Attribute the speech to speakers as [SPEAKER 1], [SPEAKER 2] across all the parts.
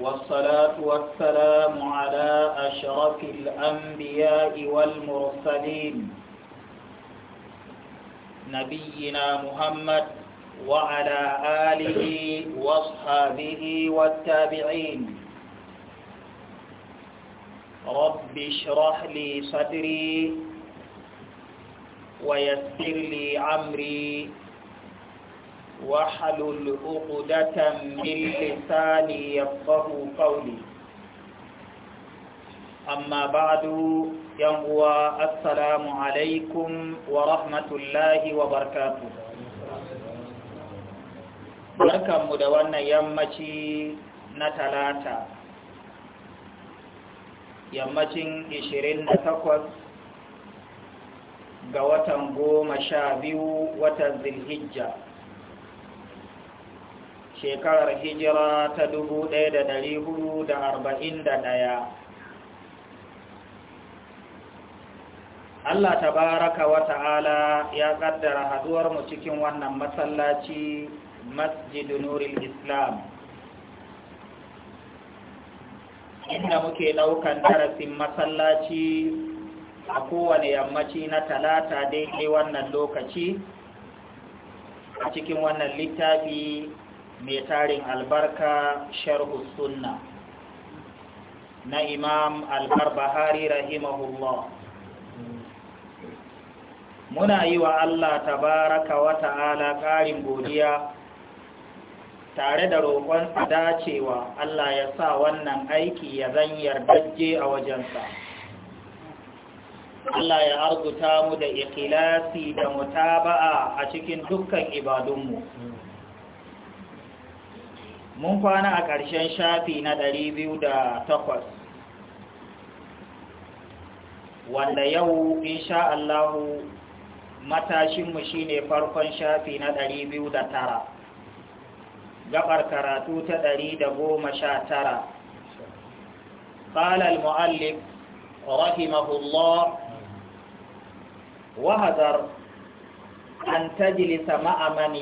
[SPEAKER 1] والصلاة والسلام على أشرف الأنبياء والمرسلين نبينا محمد وعلى آله واصحابه والتابعين رب اشرح لي صدري ويسر لي عمري واحلل عقدة من لساني يفقه قولي أما بعد ينقوى السلام عليكم ورحمة الله وبركاته barkan mu da wannan yammaci na talata yammacin 28 ga watan goma sha biyu watan zilhijja shekarar hijira ta dubu ɗaya da ɗari huɗu da arba'in da ɗaya. Allah tabaraka wa ta'ala ya ƙaddara haɗuwar mu cikin wannan masallaci masjidu nuril islam inda muke ɗaukan darasin masallaci a kowane yammaci na talata daidai wannan lokaci a cikin wannan littafi mai tarin albarka sharhu sunna na imam albarbahari rahima rahimahullah muna yi wa Allah tabaraka wa ta'ala ƙarin godiya tare da roƙon dacewa Allah ya sa wannan aiki ya zan yardajje a wajensa Allah ya arzuta mu da ikilasi da mutaba'a a cikin dukkan ibadunmu. mun kwana a ƙarshen shafi na ɗari biyu da takwas, wanda yau insha Allahu matashinmu shine farkon shafi na ɗari biyu da tara, gabar karatu ta ɗari da goma sha tara. قال المؤلف رحمه الله وهذر أن تجلس مع من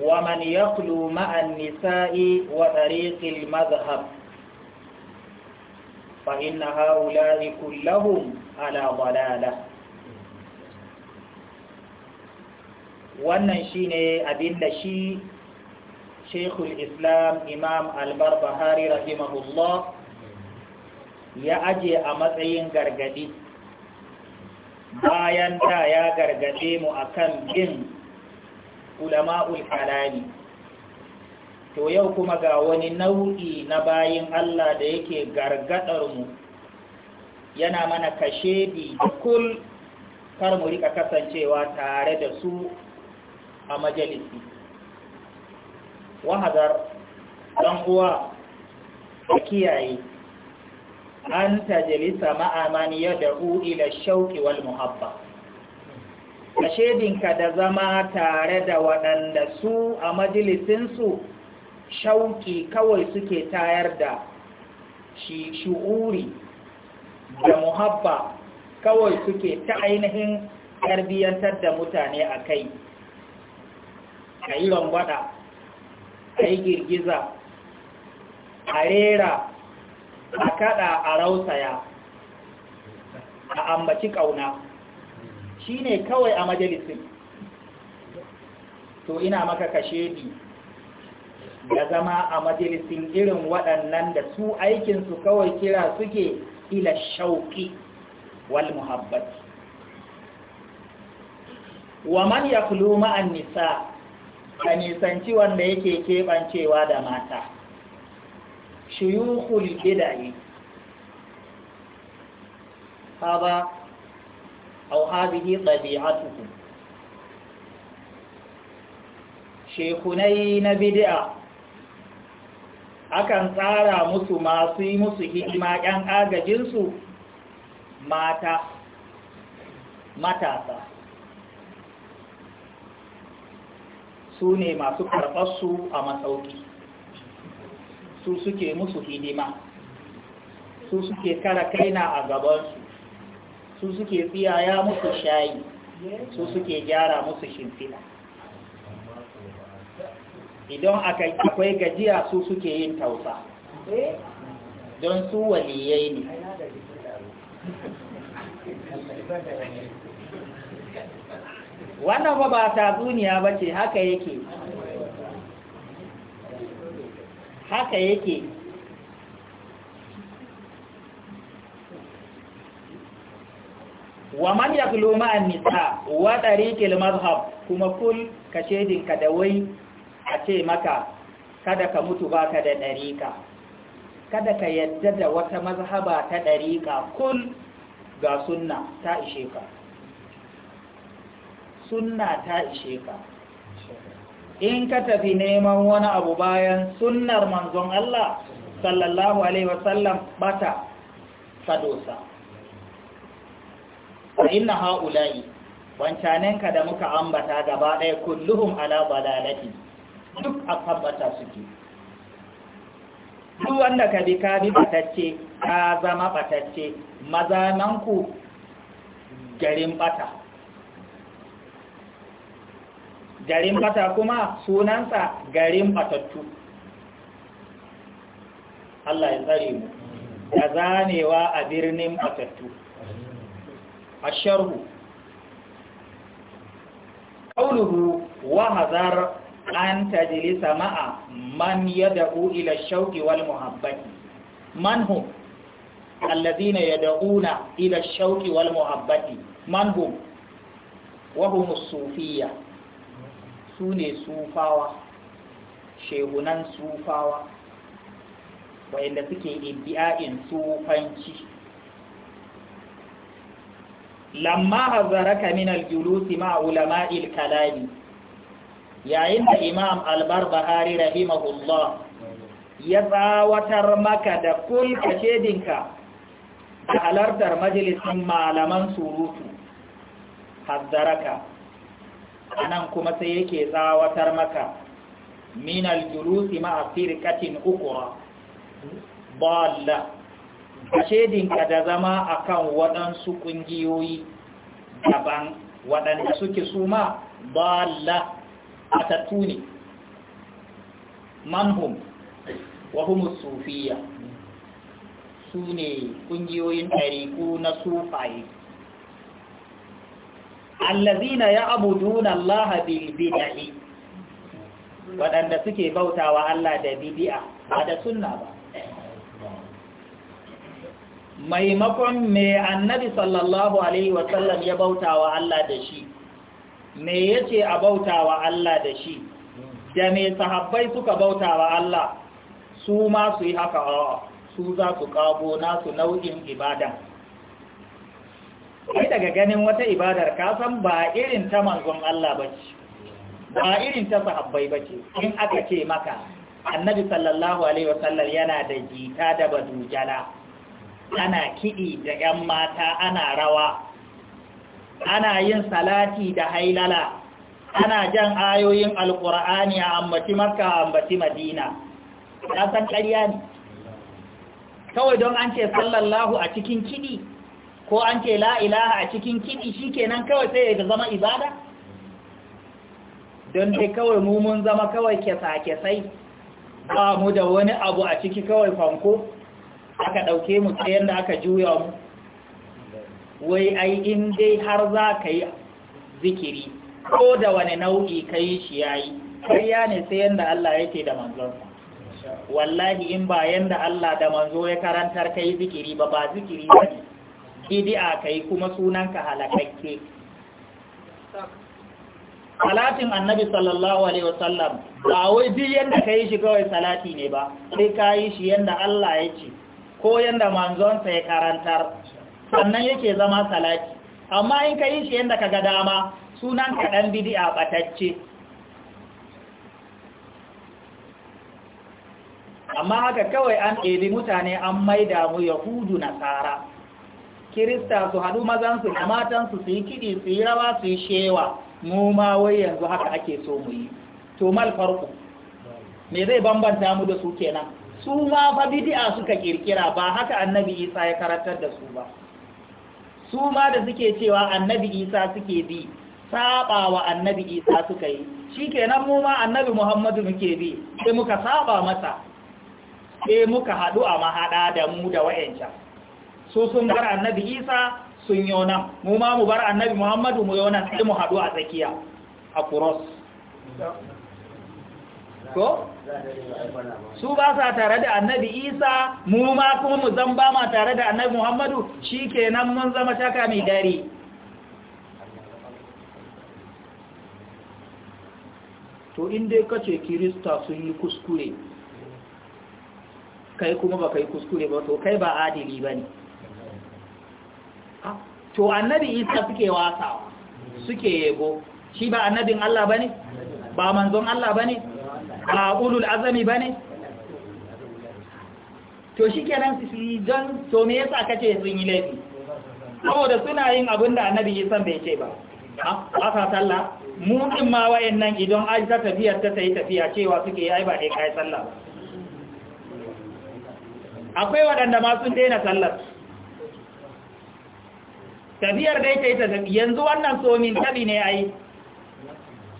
[SPEAKER 1] ومن يخلو مع النساء وطريق المذهب فإن هؤلاء كلهم على ضلالة wannan shine abin da shi shekul islam imam albarbahari rahimahullah ya aje a matsayin gargadi bayan ta ya gargade mu akan bin ulama'ul halali to yau kuma ga wani nau'i na bayin Allah da yake gargadar mu yana mana kashe da kul kar mu rika kasancewa tare da su a majalisi wahadar dan uwa da kiyaye an tajalisa ma'amani ya da'u ila shauki wal muhabba ka shedinka da zama tare da waɗanda su a majalisinsu shauƙi kawai suke tayar da shi shu'uri da muhabba kawai suke ta ainihin ƙarbiyantar da mutane a kai a yi rangwada a yi girgiza a rera a kada a rausaya a ambaci ƙauna Shi ne kawai a majalisun to ina maka kashedi da zama a majalisun irin waɗannan da su aikinsu kawai kira suke ila shauƙi wal Muhabbat. wa man ya ma'an nisa ka nisanci wanda yake keɓancewa da mata shuyukul ha ba أو هذه طبيعتهم shekunai na bid'a akan tsara musu masu yi musu hidima ƴan agajinsu mata matasa su ne masu karɓarsu a matsauki su suke musu hidima su suke kara kaina a gabansu su suke tsiyaya musu shayi su suke gyara musu shimfina, idan akwai gajiya su suke yin tausa don su waliyai ne wannan ba ba ta duniya ba ce haka yake haka yake wa man yaqulu ma'an nisa wa tariqil mazhab kuma kul ka shedin ka da wai a ce maka kada ka mutu baka da dariqa kada ka yadda da wata mazhaba ta dariqa kul ga sunna ta ishe ka sunna ta ishe ka in ka tafi neman wani abu bayan sunnar manzon Allah sallallahu alaihi wasallam bata fadosa inna ha'ula'i wancaninka da muka ambata gaba ɗaya kulluhum ala balalati duk a tabbata suke duk wanda ka bi ka bi batacce ka zama batacce mazananku garin bata garin bata kuma sunansa garin batattu Allah ya tsare mu da zanewa a birnin batattu asharhu kauluhu wa hazar an tajlisa ma'a man yad'u ila ash-shawqi wal muhabbati man hum alladhina yad'una ila ash-shawqi wal muhabbati man hum wa hum as-sufiyya sune sufawa shehunan sufawa wa'inda suke ibdi'a'in sufanci lamma hazaraka min al-julusi ma ulama'il kalami yayin da imam al-barbahari rahimahullah ya tsawatar maka da kulka shedinka da halartar majalisin malaman surutu hazzaraka anan kuma sai yake tsawatar maka min al-julusi ma a firqatin ukra balla shedinka da zama a kan waɗansu ƙungiyoyi daban waɗanda suke su ma la, atattu ne manhum wa sufiya su ne ƙungiyoyin ɗariku na sufaye allazina ya abuduna Allah bil bidai waɗanda suke bautawa Allah da bidi'a ba da sunna ba maimakon me annabi sallallahu alaihi wasallam ya bauta wa Allah da shi me yace a bauta wa Allah da shi da me sahabbai suka bauta wa Allah su ma su yi haka a? su za su kago nasu nau'in ibada ai daga ganin wata ibadar ka san ba irin ta manzon Allah bace ba irin ta sahabbai bace in aka ce maka annabi sallallahu alaihi wasallam yana da jita da badujala ana kiɗi da 'yan mata ana rawa ana yin salati da hailala ana jan ayoyin alkur'ani a ambaci makka a ambaci madina san ƙarya ne kawai don an ce sallallahu a cikin kiɗi ko an ce la'ilaha a cikin kiɗi shi kenan kawai sai ya zama ibada don dai kawai mun zama kawai kesa-kesai ba mu da wani abu a ciki kawai fanko aka ɗauke mu ta yadda aka juya mu wai ai in dai har za ka yi zikiri ko da wani nau'i ka yi shi ya yi ƙarya ne sai yadda Allah yake da manzonsa wallahi in ba yadda Allah da manzo ya karantar ka yi zikiri ba ba zikiri ba ne bidi'a ka yi kuma sunanka halakakke salatin annabi sallallahu alaihi wasallam ba wai duk yadda ka yi shi kawai salati ne ba sai ka yi shi yadda Allah ya ce ko yanda manzonsa ya karantar sannan yake zama salati amma in ka yi shi yanda ka ga dama sunan ka dan bid'a batacce amma haka kawai an ɗebi mutane an maida mu yahudu nasara kirista su haɗu mazansu da matansu su yi kiɗi su yi rawa su yi shewa mu ma wai yanzu haka ake so mu yi to mal farko me zai bambanta mu da su kenan su ma fa bid'a suka kirkira ba haka annabi isa ya karantar da su ba su ma da suke cewa annabi isa suke bi saba wa annabi isa suka yi kenan mu ma annabi muhammadu muke bi sai muka saba masa E muka haɗu a mahaɗa da mu da wa'ancan su sun bar annabi isa sun yi nan mu ma mu bar annabi muhammadu mu yi nan sai mu haɗu a tsakiya a kuros ko su ba sa tare da annabi isa mu ma kuma mu zan ba ma tare da annabi muhammadu shi kenan mun zama shaka mai dare to inda ka ce kirista sun yi kuskure kai kuma ba kai kuskure ba to kai ba adili ba ne to annabi isa suke wasawa suke yego shi ba annabin allah ba ne ba manzon allah ba ne ba ulul azami shi to nan su don to me yasa ce sun yi laifi saboda suna yin abin da annabi yi san bai ce ba ba sa sallah mu din ma wayannan idan aji ta tafiyar ta yi tafiya cewa suke ai ba dai kai sallah akwai waɗanda ma sun daina sallar tafiyar dai ta yi ta yanzu wannan somin tabi ne yi.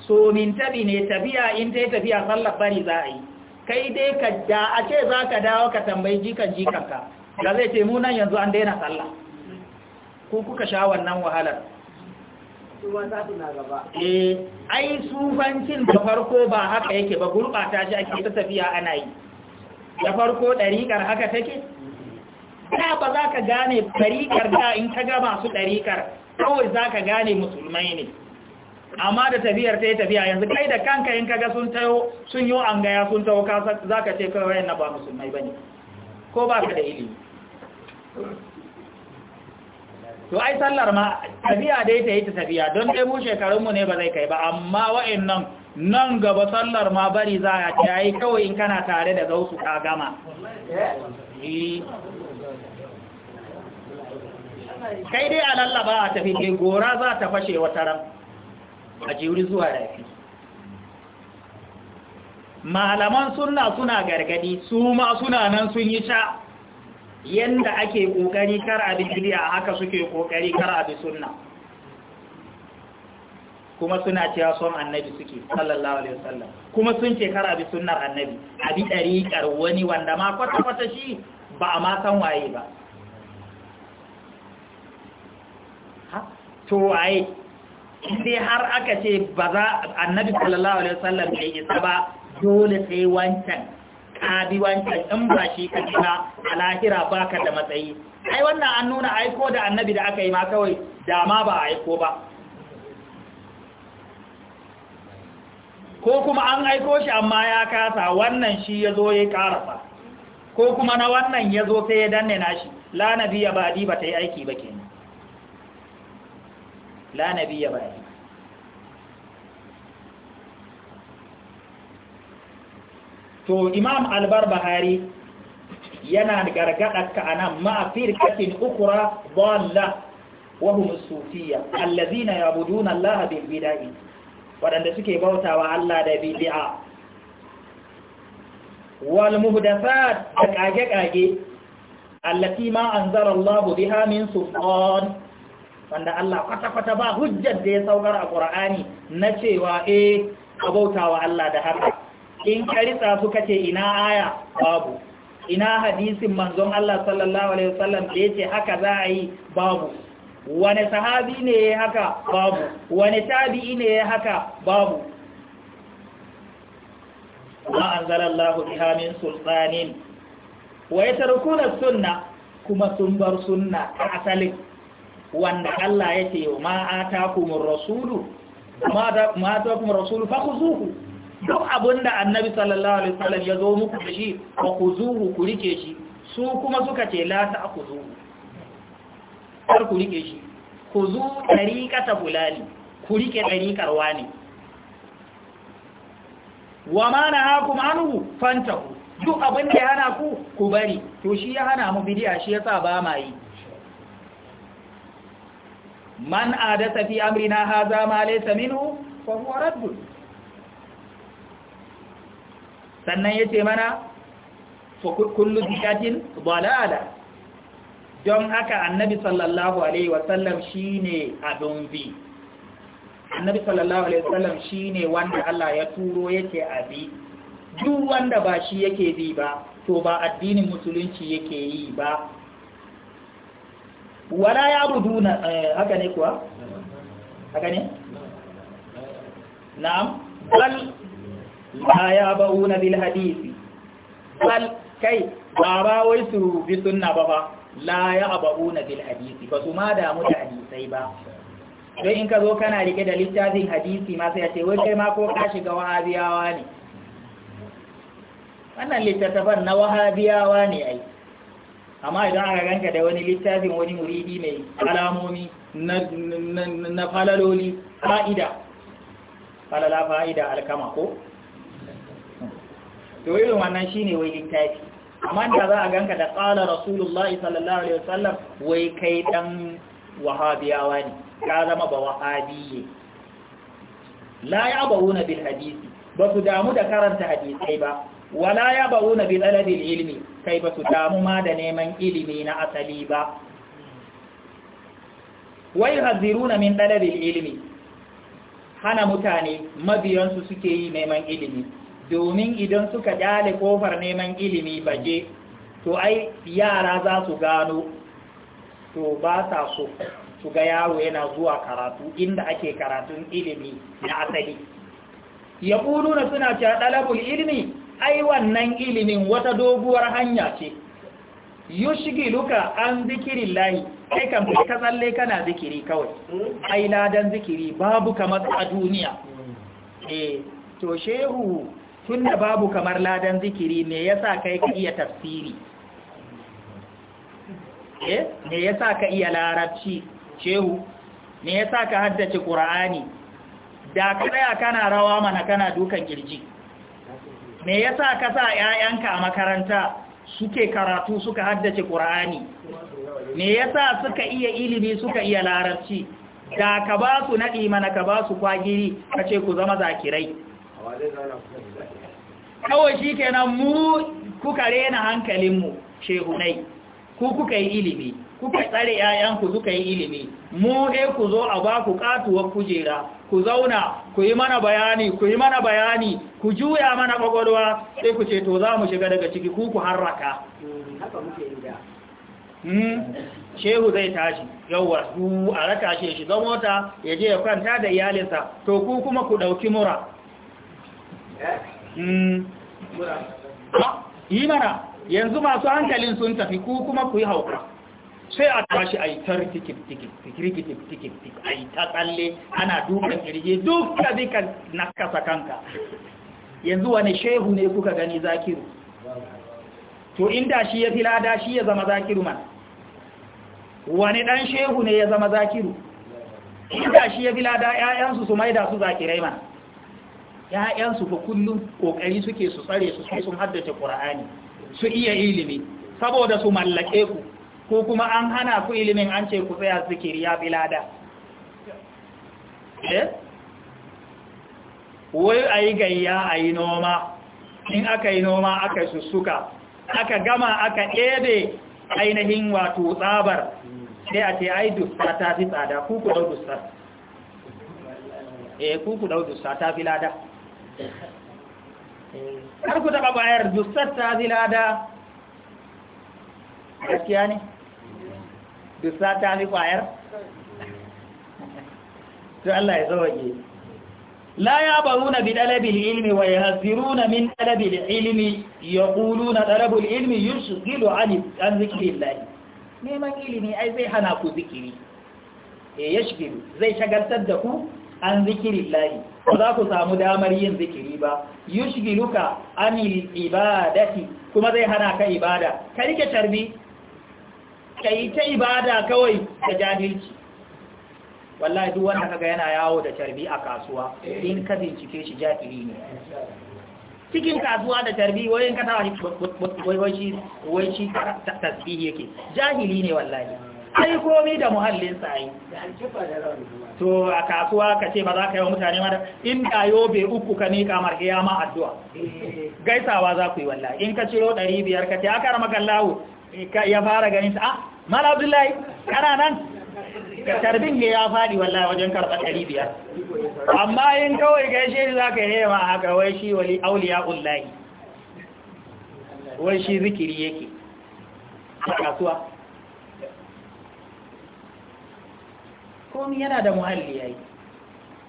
[SPEAKER 1] so min tabi ne tafiya in ta yi tafiya sallar bari za a yi kai dai ka da a ce za ka dawo ka tambayi jikan jikanka da zai ce munan yanzu an daina sallah ko kuka sha wannan wahalar eh ai sufancin da farko ba haka yake ba gurɓata shi ake ta tafiya ana yi da farko ɗariƙar haka take ta ba za ka gane ɗariƙar da in ka ga masu ɗariƙar kawai za ka gane musulmai ne amma da tafiyar ta yi tafiya yanzu kai da kanka yin kaga sun tayo sun yi an gaya sun tawo za ka ce kawai yana ba musulmai ba ne ko ba ka da ilimi to ai sallar ma tafiya dai ta yi ta tafiya don dai mu shekarunmu ne ba zai kai ba amma wa'annan nan gaba sallar ma bari za a ce yi kawai in kana tare da zausu ka gama
[SPEAKER 2] eh. kai dai a lallaba a tafi
[SPEAKER 1] gora za ta fashe wata ran a jiri zuwa rafi malaman suna suna gargadi su ma suna nan sun yi sha yadda ake kokari kar abi bid'a haka suke kokari kar abi suna kuma suna cewa son annabi suke sallallahu alaihi wasallam kuma sun ce kar a bi sunnar annabi a bi dariqar wani wanda ma kwata kwata shi ba a matan waye ba ha to waye Sai har aka ce ba za annabi sallallahu alaihi wasallam ya isa ba dole sai wancan kabi wancan in ba shi ka kira a lahira baka da matsayi ai wannan an nuna aiko da annabi da aka yi ma kawai dama ba aiko ba ko kuma an aiko shi amma ya kasa wannan shi ya zo ya karasa ko kuma na wannan ya zo sai ya danne nashi la nabiya ba di ba ta yi aiki ba kenan la nabiyya ba'di to imam albar bahari yana gargaɗa ka a nan ma'afir katin ukura balla wahum sufiya allazina yabuduna Allah bil bid'i wadanda suke bautawa Allah da bid'a wal muhdathat kage kage allati ma anzara Allah biha min sultan wanda Allah kwata-kwata ba hujjar da ya saukar a ƙura'ani na cewa e, bauta wa Allah da haka in karisa su kace ina aya babu ina hadisin manzon Allah sallallahu alaihi wasallam da yace haka za a yi babu wani sahabi ne ya haka babu wani tabi'i ne ya haka babu ma anzalallahu biha min sultanin wa yatarkuna sunna kuma sun bar sunna asalin wanda Allah ya ce ma kuma rasulu ma atakumur rasulu zuhu duk abinda annabi sallallahu alaihi wasallam ya zo muku da shi fa ku ku rike shi su kuma suka ce la zuhu kar ku rike shi zu tariqata bulali ku rike tariqar wani wa ma nahakum anhu fantahu duk abinda ya hana ku ku bari to shi ya hana mu bidiya shi yasa ba ma yi man adasa fi amrina haza ma laysa minhu ko huwa radd sannan yace mana fa kullu bid'atin dalala don haka annabi sallallahu alaihi wasallam shine abun bi annabi sallallahu alaihi wasallam shine wanda Allah ya turo yake abi duk wanda ba shi yake bi ba to ba addinin musulunci yake yi ba wala ya buduna eh, haka ne kuwa haka ne na'am bal ba ya bauna bil hadisi bal kai ba ba wai su bi sunna ba ba la ya bauna bil hadisi ba su ma damu da hadisai ba don in ka zo kana rike da littafin hadisi masu sai ce wai kai ma ko ka shiga wahabiyawa ne wannan littattafan na wahabiyawa ne ai amma idan aka ganka da wani littafin wani muridi mai alamomi na falaloli fa'ida falala fa'ida alkama ko? to irin wannan shi ne wai littafi amma da za a ganka da tsala rasulullahi sallallahu alaihi wasallam wai kai dan wahabiyawa ne ka zama ba wahabiye la ya ba'una bil hadisi ba su damu da karanta hadisai ba wala ya ba'una bil aladil ilmi kai ba su damu ma da neman ilimi na asali ba wai haziru na min ɗalabin ilimi hana mutane mabiyansu suke yi neman ilimi domin idan suka ƙyale kofar neman ilimi baje to ai yara za su gano to ba sa so su ga yaro yana zuwa karatu inda ake karatun ilimi na asali ya suna cewa ɗalabul ilimi ai wannan ilimin wata doguwar hanya ce luka an zikirin layi kai kan fi ka tsalle kana zikiri kawai ai ladan zikiri babu kamar a duniya eh to shehu tunda babu kamar ladan zikiri me yasa kai ka iya tafsiri eh me yasa ka iya larabci shehu me yasa ka haddace qur'ani da kaya kana rawa mana kana dukan ƙirji. me yasa ka sa ƴaƴanka a makaranta suke karatu suka haddace Qur'ani me yasa suka iya ilimi suka iya larabci da ka ba su nadi mana ka ba su kwagiri ka ce ku zama zakirai kawai shi kenan mu kuka rena hankalinmu shehunai ku kuka yi ilimi kuka tsare 'ya'yanku suka yi ilimi mu dai ku zo a ba ku katuwar kujera ku zauna ku yi mana bayani ku yi mana bayani ku juya mana kwakwalwa sai ku ce to za mu shiga daga ciki ku ku harraka hmm? shehu zai tashi yauwa su a raka shi zama mota ya je ya kwanta da iyalinsa to ku kuma ku ɗauki mura hmm? yi mana yanzu masu hankalin sun tafi ku kuma ku yi hauka sai a tashi a yi ta rikikip rikikip a tsalle ana duk da na kanka yanzu wani shehu ne kuka gani zakiru to inda shi ya shi ya zama zakiru man wani dan shehu ne ya zama zakiru inda shi ya 'ya'yansu su maida su zakirai man ‘ya'yansu kullum ƙoƙari suke su tsare su sun haddace su iya ilimi saboda su mallake ku ko kuma an hana ku ilimin an ce ku tsaya zikiri ya bilada eh? wai a yi gayya a yi noma in aka yi noma aka sussuka aka gama aka ɗebe ainihin wato tsabar sai a ce ai dusta ta fi tsada kuku dau dusta eh kuku dau dusta ta fi lada eh, kar ku taɓa bayar dusta ta fi lada gaskiya ne dusa ta fi kwayar to Allah ya sauke la ya baruna bi dalabil ilmi wa yahziruna min dalabil ilmi yaquluna dalabul ilmi yushghilu an an zikrillah neman ilimi ai zai hana ku zikiri eh yashghilu zai shagaltar da ku an zikrillah ba za ku samu damar yin zikiri ba yushghiluka anil ibadati kuma zai hana ka ibada ka rike tarbi ka yi ta ibada kawai da jahilci wallahi duk wanda kaga yana yawo da tarbi a kasuwa in ka bincike shi jahili ne cikin kasuwa da tarbi wai in ka tawa shi wai shi tasbihi yake jahili ne wallahi sai komai da muhallin sa ai to a kasuwa ka ce ba za ka yi wa mutane ma in da be uku ka nika marhiya ma addu'a eh. gaisawa za ku yi wallahi in ka ciro 500 ka ce aka rama kallahu ya fara ganin sa ah, mala abdullahi kana nan tarbin ne ya faɗi wallahi wajen karɓar ɗari biyar amma in kawai gaishe shi za ka yi ma haka wai shi wali auliya ullahi wai shi zikiri yake a kasuwa komi yana da muhalli yayi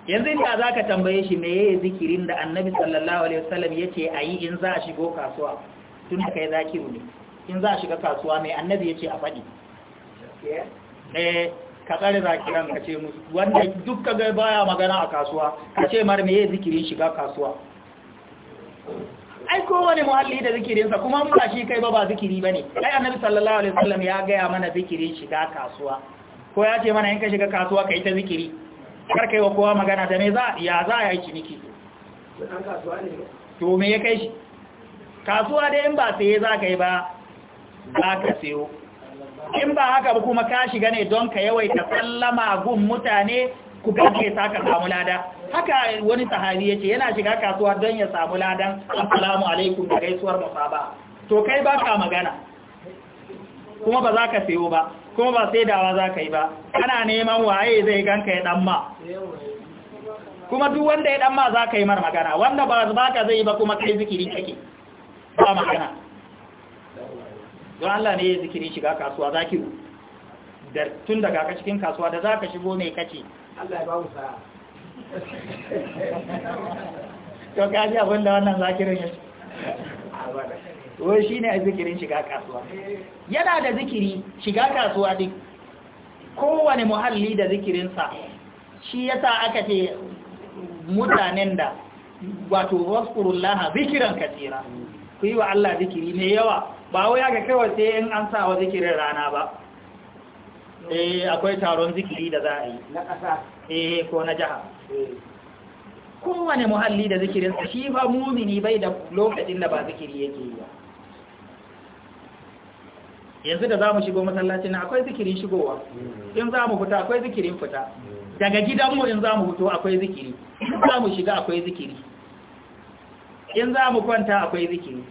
[SPEAKER 1] yanzu inda za ka tambaye shi me yayi zikirin da annabi sallallahu alaihi wasallam ya ce a yi in za a shigo kasuwa tun da kai zakiru ne in za a shiga kasuwa mai annabi ya ce a faɗi Ɗaya eh, ka tsare zakiran ka ce musu wanda duk ka ga baya magana a kasuwa ka ce mar meye zikirin shiga kasuwa ai kowane muhalli da zikirinsa kuma ba shi kai ba ba zikiri ba ne ai annabi sallallahu alaihi wasallam ya gaya mana zikirin shiga kasuwa ko ya ce mana in ka shiga kasuwa ka yi ta zikiri kar kai wa kowa magana da me za ya za ya yi ciniki to me ya kai shi kasuwa dai in ba sai za ka yi ba za ka siyo in ba haka ba kuma ka shiga ne don ka yawaita sallama gun mutane ku gaje sa ka samu lada haka wani sahabi ce yana shiga kasuwa don ya samu ladan assalamu alaikum da gaisuwar musaba to kai ba ka magana kuma ba za ka siyo ba kuma ba sai dawa za ka yi ba ana neman waye zai ganka ya dan ma kuma duk wanda ya dan ma za ka yi mar magana wanda ba ka zai yi ba kuma kai zikiri kake ba magana don Allah ne ya zikiri shiga kasuwa zakiru da tun daga ka cikin kasuwa da za ka shigo mai kace
[SPEAKER 2] Allah ya mu sa'a
[SPEAKER 1] to kaji abin da wannan zakirin ya wai ne a zikirin shiga kasuwa yana da zikiri shiga kasuwa din kowane muhalli da zikirinsa shi ya sa aka ce mutanen da wato waskurullah zikiran katira ku yi wa Allah zikiri ne yawa ba wai aka kawai sai in an sa wa zikirin rana ba eh akwai taron zikiri da za a yi na ƙasa eh ko na jiha eh. kowane muhalli da zikirinsa shi ba mumini bai da lokacin da ba zikiri yake yi ba yanzu da za mu shigo masallaci na akwai zikirin shigowa hmm. in za mu fita akwai zikirin fita hmm. daga gidanmu in za mu fito akwai zikiri in za mu shiga akwai zikiri in za mu kwanta akwai zikiri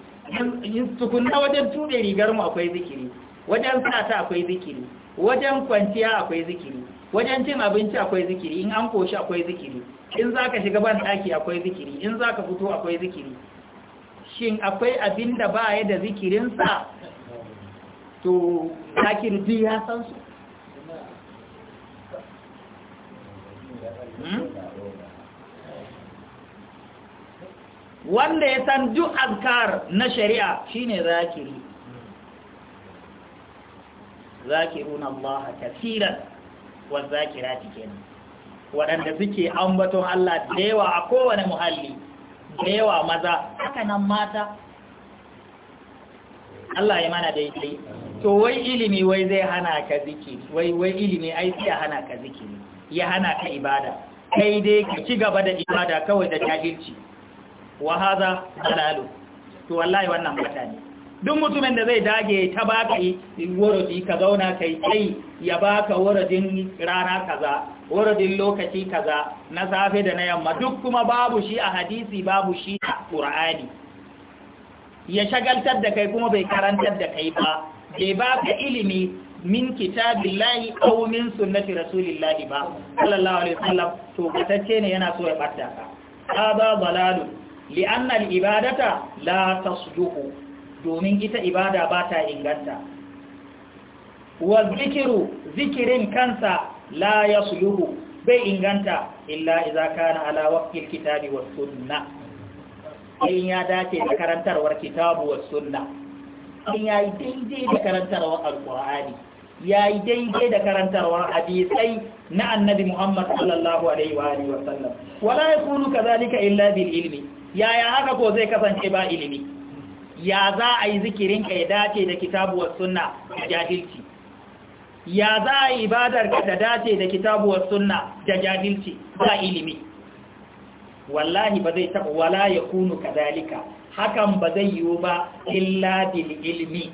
[SPEAKER 1] tukunna wajen tuɗe rigar mu akwai zikiri wajen sata akwai zikiri wajen kwanciya akwai zikiri wajen cin abinci akwai zikiri in an koshi akwai zikiri in za ka shiga ban ɗaki akwai zikiri in za ka fito akwai zikiri shin akwai abin da ba ya da zikirinsa to zakir duk ya san su hmm? wanda ya san duk azkar na shari'a shine zakiri zakiruna Allah kaseeran wa zakirati kenan Wadanda suke ambaton Allah da yawa a kowane muhalli da yawa maza haka nan mata Allah ya mana yake to wai ilimi wai zai hana ka zikiri wai wai ilimi ai sai hana ka zikiri ya hana ka ibada kai dai ka ci gaba da ibada kawai da jahilci wa haza dalalu to wallahi wannan mutane. ne duk mutumin da zai dage ta baka waradi ka zauna kai kai ya baka waradin rana kaza waradin lokaci kaza na safe da na yamma duk kuma babu shi a hadisi babu shi a qur'ani ya shagaltar da kai kuma bai karantar da kai ba bai baka ilimi min kitabillahi aw min sunnati rasulillahi ba sallallahu alaihi wasallam to katacce ne yana so ya barta ka hada dalalun li'annal ibadata la tasluhu domin ita ibada ba ta inganta wa zikiru zikirin kansa la yasluhu bai inganta illa idza kana ala waqtil kitabi was sunna in ya dace da karantarwar kitabu was sunna in yayi daidai da karantarwar alqur'ani yayi daidai da karantarwar hadisai na annabi Muhammad sallallahu alaihi wa alihi wa sallam wala yakunu kadhalika illa bil ilmi yaya haka ko zai kasance ba ilimi ya za a yi zikirin ka ya dace da kitabuwar sunna da jahilci ya za a yi ibadar da dace da kitabuwar sunna da jahilci ba ilimi wallahi ba zai taɓa wala ya kunu kadalika hakan ba zai yiwu ba illa bil ilmi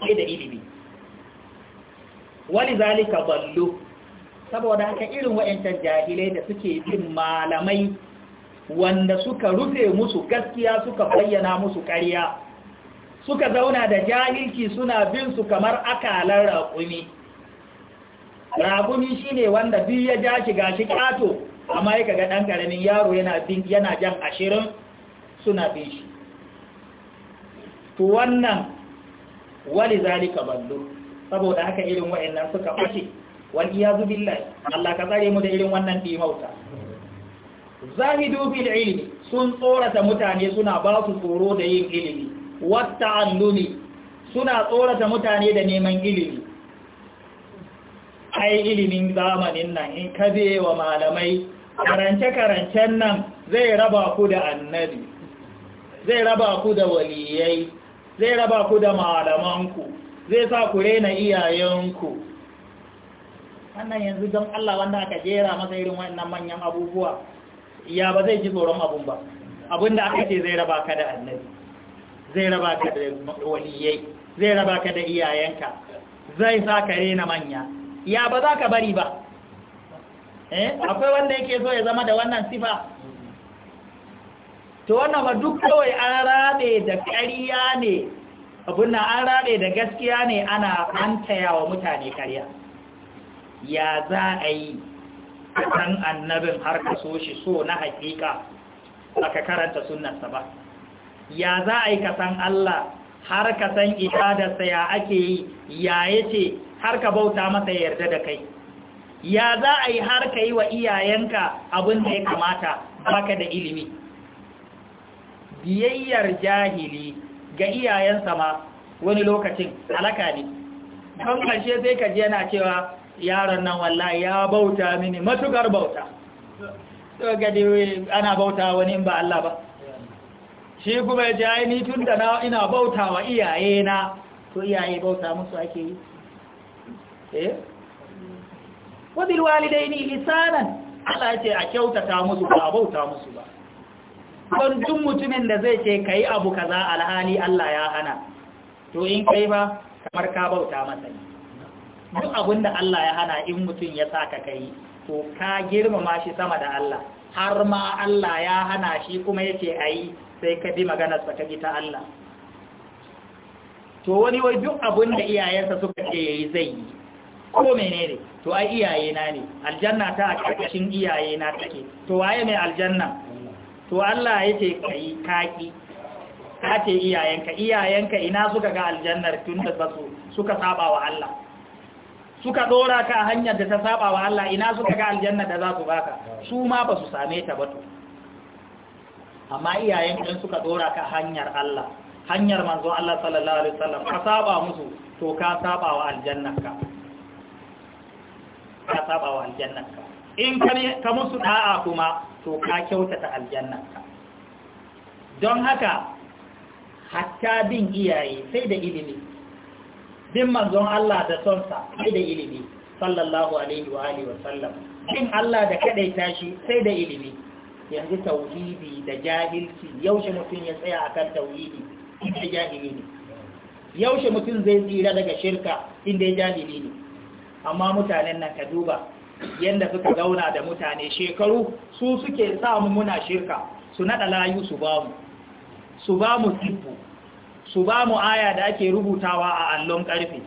[SPEAKER 1] sai da ilimi wani zalika ballo saboda haka irin wa'yancan jahilai da suke bin malamai wanda suka rufe musu gaskiya suka bayyana musu ƙarya suka zauna da jahilci suna bin su kamar akalan raƙumi raƙumi shine wanda biyu ya ja shi gashi kato amma yake ga ɗan ƙaramin yaro yana jan ashirin suna bin shi to wannan wali zalika ballo saboda haka irin wa'annan suka fashe, wal iyazu billahi Allah ka tsare mu da irin wannan dimauta zahidu fil ilmi sun tsorata mutane suna ba su tsoro da yin ilimi wata allumi suna tsorata mutane da neman ilimi ai ilimin zamanin nan in ka wa malamai karance-karancen nan zai raba ku da annabi zai raba ku da waliyai zai raba ku da malamanku zai sa ku rena iyayenku wannan yanzu don Allah wanda aka jera masa irin wannan manyan abubuwa ya ba zai ji tsoron abun ba Abun da aka ce zai raba ka da annabi zai raba ka da waliyai zai raba ka da iyayenka zai sa ka rena manya ya ba za ka bari ba eh akwai wanda yake so ya zama da wannan sifa to wannan ba duk kawai an rabe da ƙarya ne Abun nan an rabe da gaskiya ne ana hantaya wa mutane ƙarya ya za a yi kan annabin har ka so shi so na haƙiƙa ka karanta sunnarsa ba ya za a yi ka san Allah har ka san ibadarsa ya ake yi ya yace har ka bauta masa yarda da kai ya za a yi har ka yi wa iyayenka abin da ya kamata baka da ilimi biyayyar jahili ga iyayensa ma wani lokacin alaka ne Kan karshe sai ka ji yana cewa yaron nan wallahi ya bauta mini matukar bauta to gadi ana bauta wani in ba Allah ba shi kuma ya ni tun da na ina bauta wa iyaye na to iyaye bauta musu ake yi eh wabil walidaini lisanan Allah ce a kyautata musu ba bauta musu ba don duk mutumin da zai ce kai abu kaza alhali Allah ya hana to in kai ba kamar ka bauta masa ne duk abin da Allah ya hana in mutum ya sa ka kai to ka girmama shi sama da Allah har ma Allah ya hana shi kuma yace ayi sai ka bi maganar sa ka bi ta Allah to wani wai duk abin da iyayensa suka ce yayi zai yi ko menene to ai iyaye na ne aljanna ta a cikin iyaye na take to waye mai aljanna to Allah yake kai kaki ka ce iyayenka iyayenka ina suka ga aljannar tun da basu suka saba wa Allah suka dora ka hanyar da ta saba wa Allah ina suka ga aljanna da za su baka su ma ba su same ta ba to amma iyayen in suka dora ka hanyar Allah hanyar manzo Allah sallallahu alaihi wasallam ka saba musu to ka saba wa aljannarka ka saba wa aljannarka in ka musu da'a kuma to ka kyautata aljannarka don haka hatta bin iyaye sai da ilimi bin manzon Allah da sonsa sai da ilimi sallallahu alaihi wa alihi wa sallam bin Allah da kadaita tashi sai da ilimi yanzu tauhidi da jahilci yaushe mutum ya tsaya akan tauhidi inda jahili ne yaushe mutum zai tsira daga shirka inda ya jahili ne amma mutanen nan ka duba yanda suka zauna da mutane shekaru su suke samu muna shirka su nada layu su bamu su bamu tipu su ba mu aya da ake rubutawa a allon ƙarfe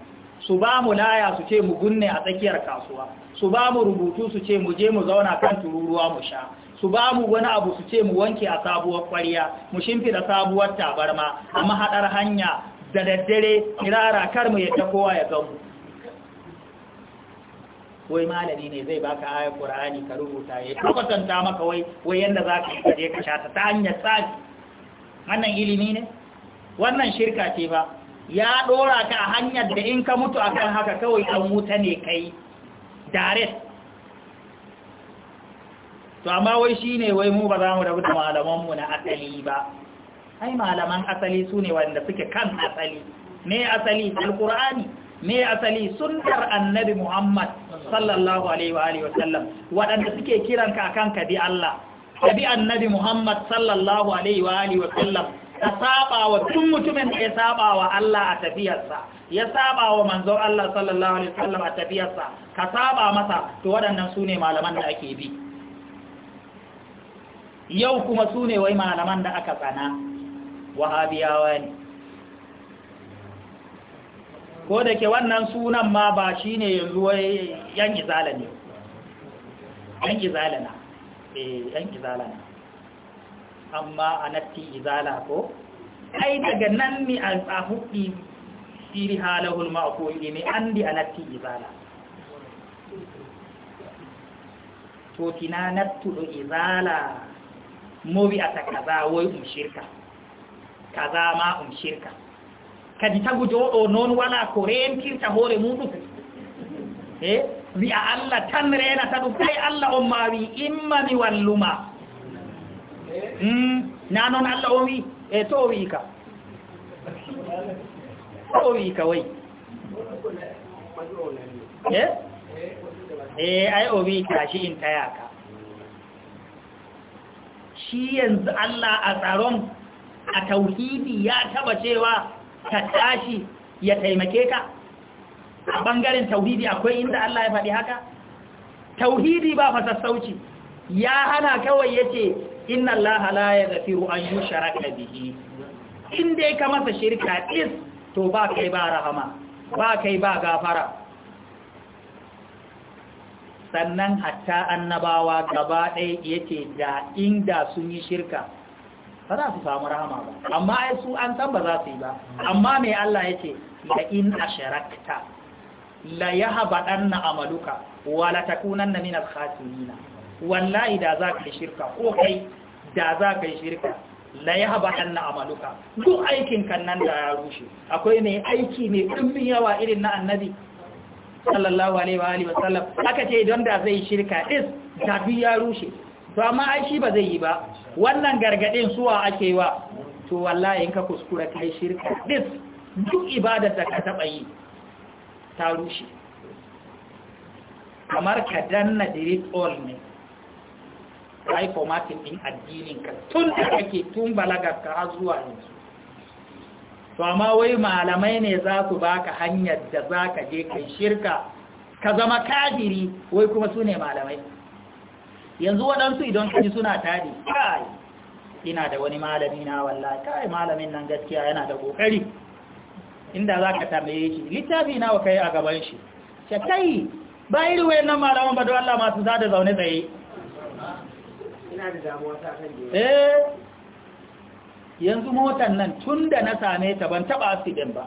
[SPEAKER 1] su ba mu laya su ce mu gunne a tsakiyar kasuwa su ba mu rubutu su ce mu je mu zauna kan tururuwa mu sha su ba mu wani abu su ce mu wanke a sabuwar kwariya mu shimfida sabuwar tabarma a mahaɗar hanya da daddare kirara kar mu yadda kowa ya gamu wai malami ne zai baka ayar Qur'ani ka rubuta ya kwatanta maka wai wai yanda zaka yi kaje ka shata ta hanyar tsari wannan ilimi ne wannan shirka ce ba ya dora ka a hanyar da in ka mutu akan haka kawai an wuta ne kai direct to amma wai shi ne wai mu ba za mu rabu da malamanmu na asali ba ai malaman asali su ne wanda suke kan asali me asali alkur'ani me asali sunnar annabi muhammad sallallahu alaihi wa sallam. wasallam waɗanda suke kiranka akan ka bi Allah ka bi annabi muhammad sallallahu alaihi wa sallam. ka saba wa tun mutumin da ya saba wa Allah a tafiyarsa ya saba wa manzon Allah sallallahu alaihi wasallam a tafiyarsa ka saba masa to waɗannan sune malaman da ake bi yau kuma sune wai malaman da aka tsana wahabiyawa ne ko da ke wannan sunan ma ba shine yanzu wai yan izala ne yan izala na eh yan izala na amma a natti izala ko ai daga nan mi a tsahuɗi siri halahul ma'akoli ne an di a natti izala to tina nattuɗo izala a ata kaza wai um shirka kaza ma um shirka kadi tagu o non wala ko rentirta hoore eh e a allah tan ta ɗum ay allah on ma wi imma mi walluma Hmm? na non Allah omi e to wi ka to wi ka wai
[SPEAKER 2] eh eh ai
[SPEAKER 1] wi ka shi in taya ka shi yanzu Allah a tsaron a tauhidi ya taba cewa ka tashi ya taimake ka a bangaren tauhidi akwai inda Allah ya faɗi haka tauhidi ba fasassauci ya hana kawai yace inna Allah la yaghfiru an yushraka bihi in dai ka masa shirka is to ba kai ba rahama ba kai ba gafara sannan hatta annabawa gaba ɗaya yace da inda sun yi shirka ba za su samu rahama ba amma ai su an san ba za su yi ba amma mai Allah yace la in asharakta la yahbadanna amaluka wa la takunanna minal khasirin wallahi da za ka shirka ko kai da za ka yi shirka la ya haɓa ɗan na amaluka duk aikin kan nan da ya rushe akwai ne aiki mai ɗumbin yawa irin na annabi sallallahu alaihi wa alihi aka ce don da zai shirka is ta fi ya rushe to amma ai ba zai yi ba wannan gargaɗin suwa ake wa to wallahi in ka kuskura ka yi shirka is duk ibadar da ka taɓa yi ta rushe kamar ka danna direct all ne ai formatin addinin ka tun da kake tun balagar ka har zuwa yanzu to amma wai malamai ne za su baka hanyar da za ka je kai shirka ka zama kadiri wai kuma su ne malamai yanzu waɗansu idan kani suna tari kai ina da wani malami na walla kai malamin nan gaskiya yana da kokari inda za ka tambaye shi littafi nawa kai a gaban shi shakai ba iri wayannan malaman ba don Allah masu zada zaune tsaye eh yanzu motan nan tun da na same ta ban taba accident ba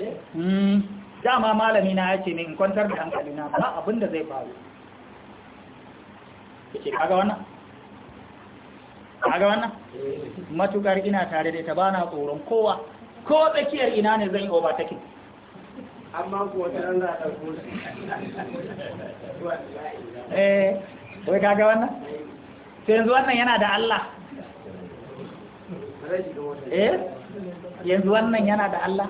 [SPEAKER 1] eh? hmm, dama malami na yace kwantar da hankali na ba abin zai faru kike kaga wannan kaga wannan eh. matukar ina tare da ta bana tsoron kowa ko tsakiyar ina ne zan overtaking
[SPEAKER 2] amma kuwa ta ran za a ɗauko eh
[SPEAKER 1] wai kaga wannan eh. sai yanzu wannan yana da Allah
[SPEAKER 2] eh yanzu wannan yana da Allah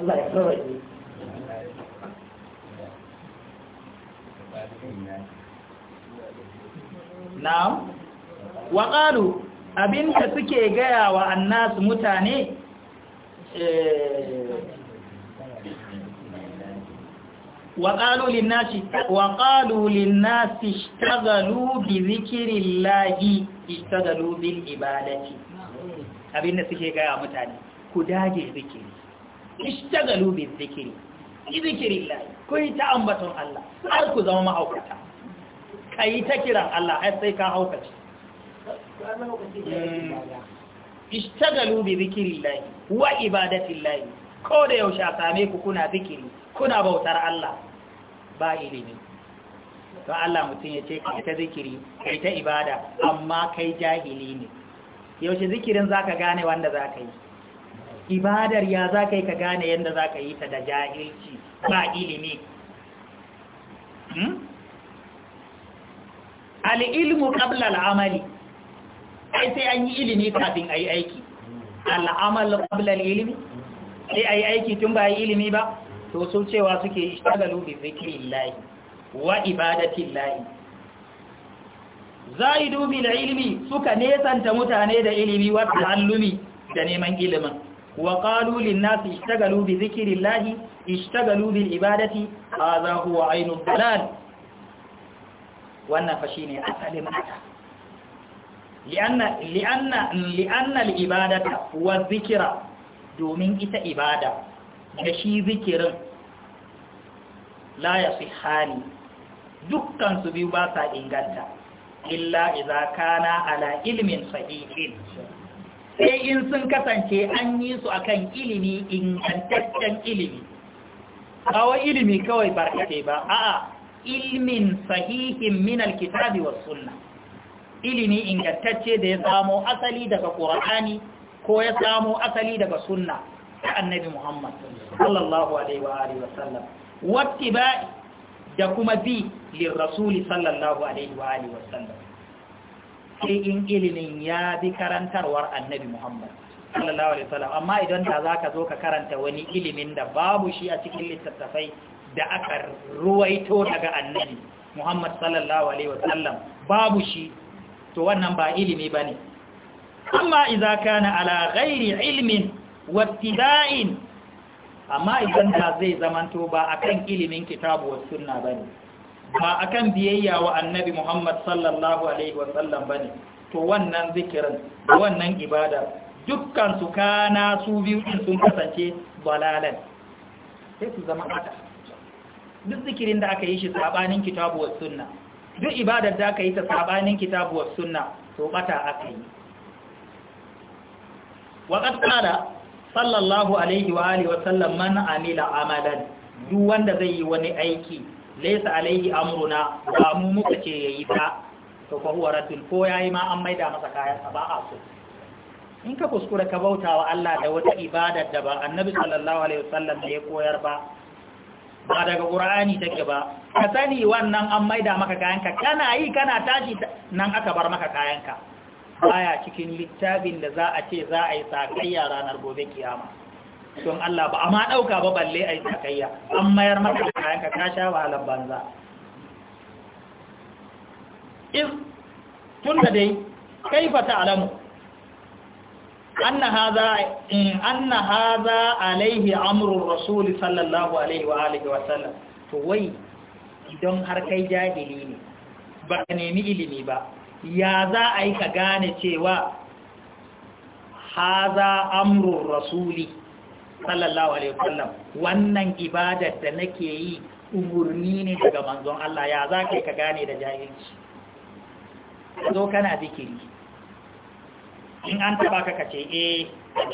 [SPEAKER 2] Allah ya kawai
[SPEAKER 1] na'am wa qalu abinda suke gaya wa annas mutane
[SPEAKER 2] eh
[SPEAKER 1] وقالوا للناس وقالوا للناس اشتغلوا بذكر الله اشتغلوا بالعبادة abin da suke gaya mutane ku dage zikiri ishtagalu bi zikiri zikiri lahi ku yi ta ambaton Allah har ku zama mahaukata ka yi ta kiran Allah sai ka haukace ishtagalu bi zikiri lahi wa ibadatin ko da yaushe a same ku kuna zikiri kuna bautar Allah ba ilimi don Allah mutum ya ce kai ta zikiri kai ta ibada amma kai jahili ne yaushe zikirin za ka gane wanda za ka yi ibadar ya za yi ka gane yadda za ka yi ta da jahilci ba ilimi hmm? qabla ƙabla amali ai sai an yi ilimi kafin aiki al-amal qabla ƙabla ilmi sai ayi aiki tun ba a yi ilimi ba to sun cewa suke ishtagalu bi zikrillahi wa ibadatillahi zaidu bil ilmi suka nesanta mutane da ilimi wa ta'allumi da neman ilimin wa qalu lin nasi ishtagalu bi zikrillahi ishtagalu bil ibadati hadha huwa ainul dalal wannan fashi ne asalin mata li'anna li'anna li'anna al-ibadata wa dhikra domin ita ibada da shi zikirin la ya fi hali dukkan su biyu ba sa inganta illa iza kana ala ilmin sahihin sai in sun kasance an yi su akan ilimi ingantaccen ilimi kawo ilimi kawai barkate ba a'a ilimin sahihin minal kitabi was sunna ilimi ingantacce da ya samo asali daga qur'ani ko ya samo asali daga sunna ta annabi muhammad sallallahu alaihi wa alihi wasallam wattiba'i da kuma bi lirrasuli sallallahu alaihi wa alihi wasallam sai in ilimin ya bi karantarwar annabi Muhammad sallallahu alaihi wasallam amma idan ta zaka zo ka karanta wani ilimin da babu shi a cikin littattafai da aka ruwaito daga annabi Muhammad sallallahu alaihi wasallam babu shi to wannan ba ilimi bane amma idza kana ala ghairi ilmin wattiba'in amma idan da zai zamanto ba akan ilimin kitabu wa sunna ne, ba akan biyayya wa annabi Muhammad sallallahu alaihi wasallam ne, to wannan zikirin wannan ibada dukkan su kana su biyu din sun kasance balalan sai su zama haka duk zikirin da aka yi shi sabanin kitabu wa sunna duk ibadar da aka yi ta sabanin kitabu wa sunna to bata aka yi وقد قال sallallahu alaihi wa alihi sallam man amila amalan duk wanda zai yi wani aiki laysa alaihi amruna ba mu muka ce yayi ba to fa huwa ratul ko yayi ma an maida masa kayan ba a so in ka kuskura ka bauta wa Allah da wata ibada da ba annabi sallallahu alaihi sallam da ya koyar ba ba daga qur'ani take ba ka sani wannan an maida maka kayanka kana yi kana tashi nan aka bar maka kayanka aya cikin littafin da za a ce za a yi sakayya ranar gobe kiyama don Allah ba amma dauka ba balle a yi sakayya an mayar maka kayan ka kasha wahalar banza is tun da dai kaifa ta'lamu anna hadha eh, anna hadha alaihi amru rasul sallallahu alaihi wa alihi wa sallam to wai idan har kai jahili ne ba ka nemi ilimi ba ya za a yi ka gane cewa haza amrun rasuli sallallahu alaihi wasallam wannan ibadar da nake yi umurni ne daga manzon Allah ya za ka ka gane da jahilci zo kana zikiri in an taba ka kace eh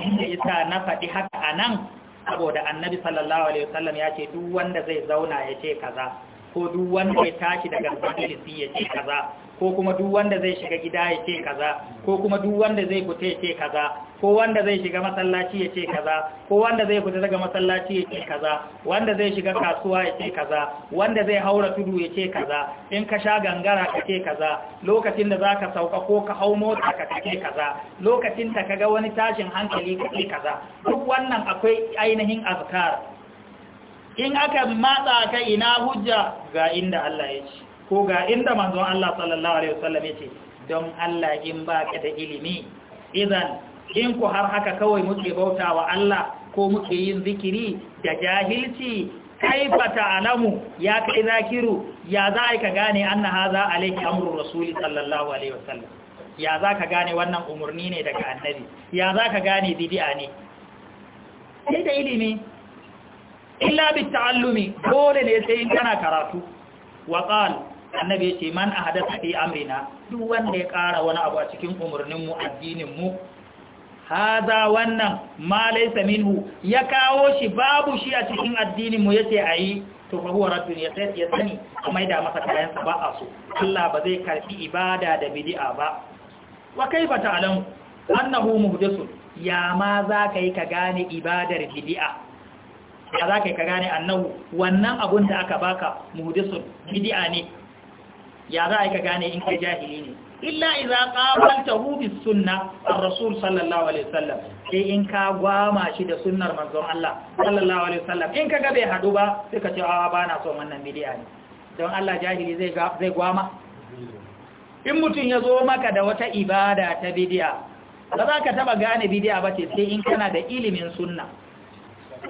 [SPEAKER 1] inda yasa na faɗi haka anan saboda annabi sallallahu alaihi wasallam ya ce duk wanda zai zauna ya ce kaza ko duk wanda ya tashi daga majalisi ya ce kaza ko kuma duk wanda zai shiga gida ya ce kaza ko kuma duk wanda zai fita ya ce kaza ko wanda zai shiga masallaci ya ce kaza ko wanda zai fita daga masallaci ya ce kaza wanda zai shiga kasuwa ya ce kaza wanda zai haura tudu ya ce kaza in ka sha gangara ka ce kaza lokacin da zaka sauka ko ka hau mota ka ce kaza lokacin da kaga wani tashin hankali ka ce kaza duk wannan akwai ainihin azkar in aka matsa ka ina hujja ga inda Allah ya ce ko ga inda manzon Allah sallallahu alaihi wasallam ya ce don Allah in baka da ilimi idan in ku har haka kawai muke bauta wa Allah ko muke yin zikiri da jahilci kaifa ta'lamu ya kai zakiru ya za ka gane anna haza alayhi amru rasuli sallallahu alaihi wasallam ya za ka gane wannan umarni ne daga annabi ya za ka gane bid'a ne sai da ilimi illa bi ta'allumi dole ne sai in kana karatu wa qala annabi yace man ahadatha fi amrina duk wanda ya kara wani abu a cikin umurnin mu addinin mu haza wannan ma laysa minhu ya kawo shi babu shi a cikin addinin mu yace ayi to fa huwa ya sai ya sani kuma da masa kayan ba a so Allah ba zai karbi ibada da bid'a ba wa kaifa ta'lamu annahu muhdathun ya ma za ka yi ka gane ibadar bid'a ya za ka yi ka gane annahu wannan abun da aka baka muhdisun bid'a ne ya za a yi ka gane in kai jahili ne illa idza hu bis sunna ar-rasul sallallahu alaihi wasallam sai in ka gwama shi da sunnar manzon Allah sallallahu alaihi wasallam in ka ga bai hadu ba sai ka ce a ba na son wannan bid'a ne don Allah jahili zai zai gwama in mutun ya zo maka da wata ibada ta bid'a ba za ka taba gane bid'a ba ce sai in kana da ilimin sunna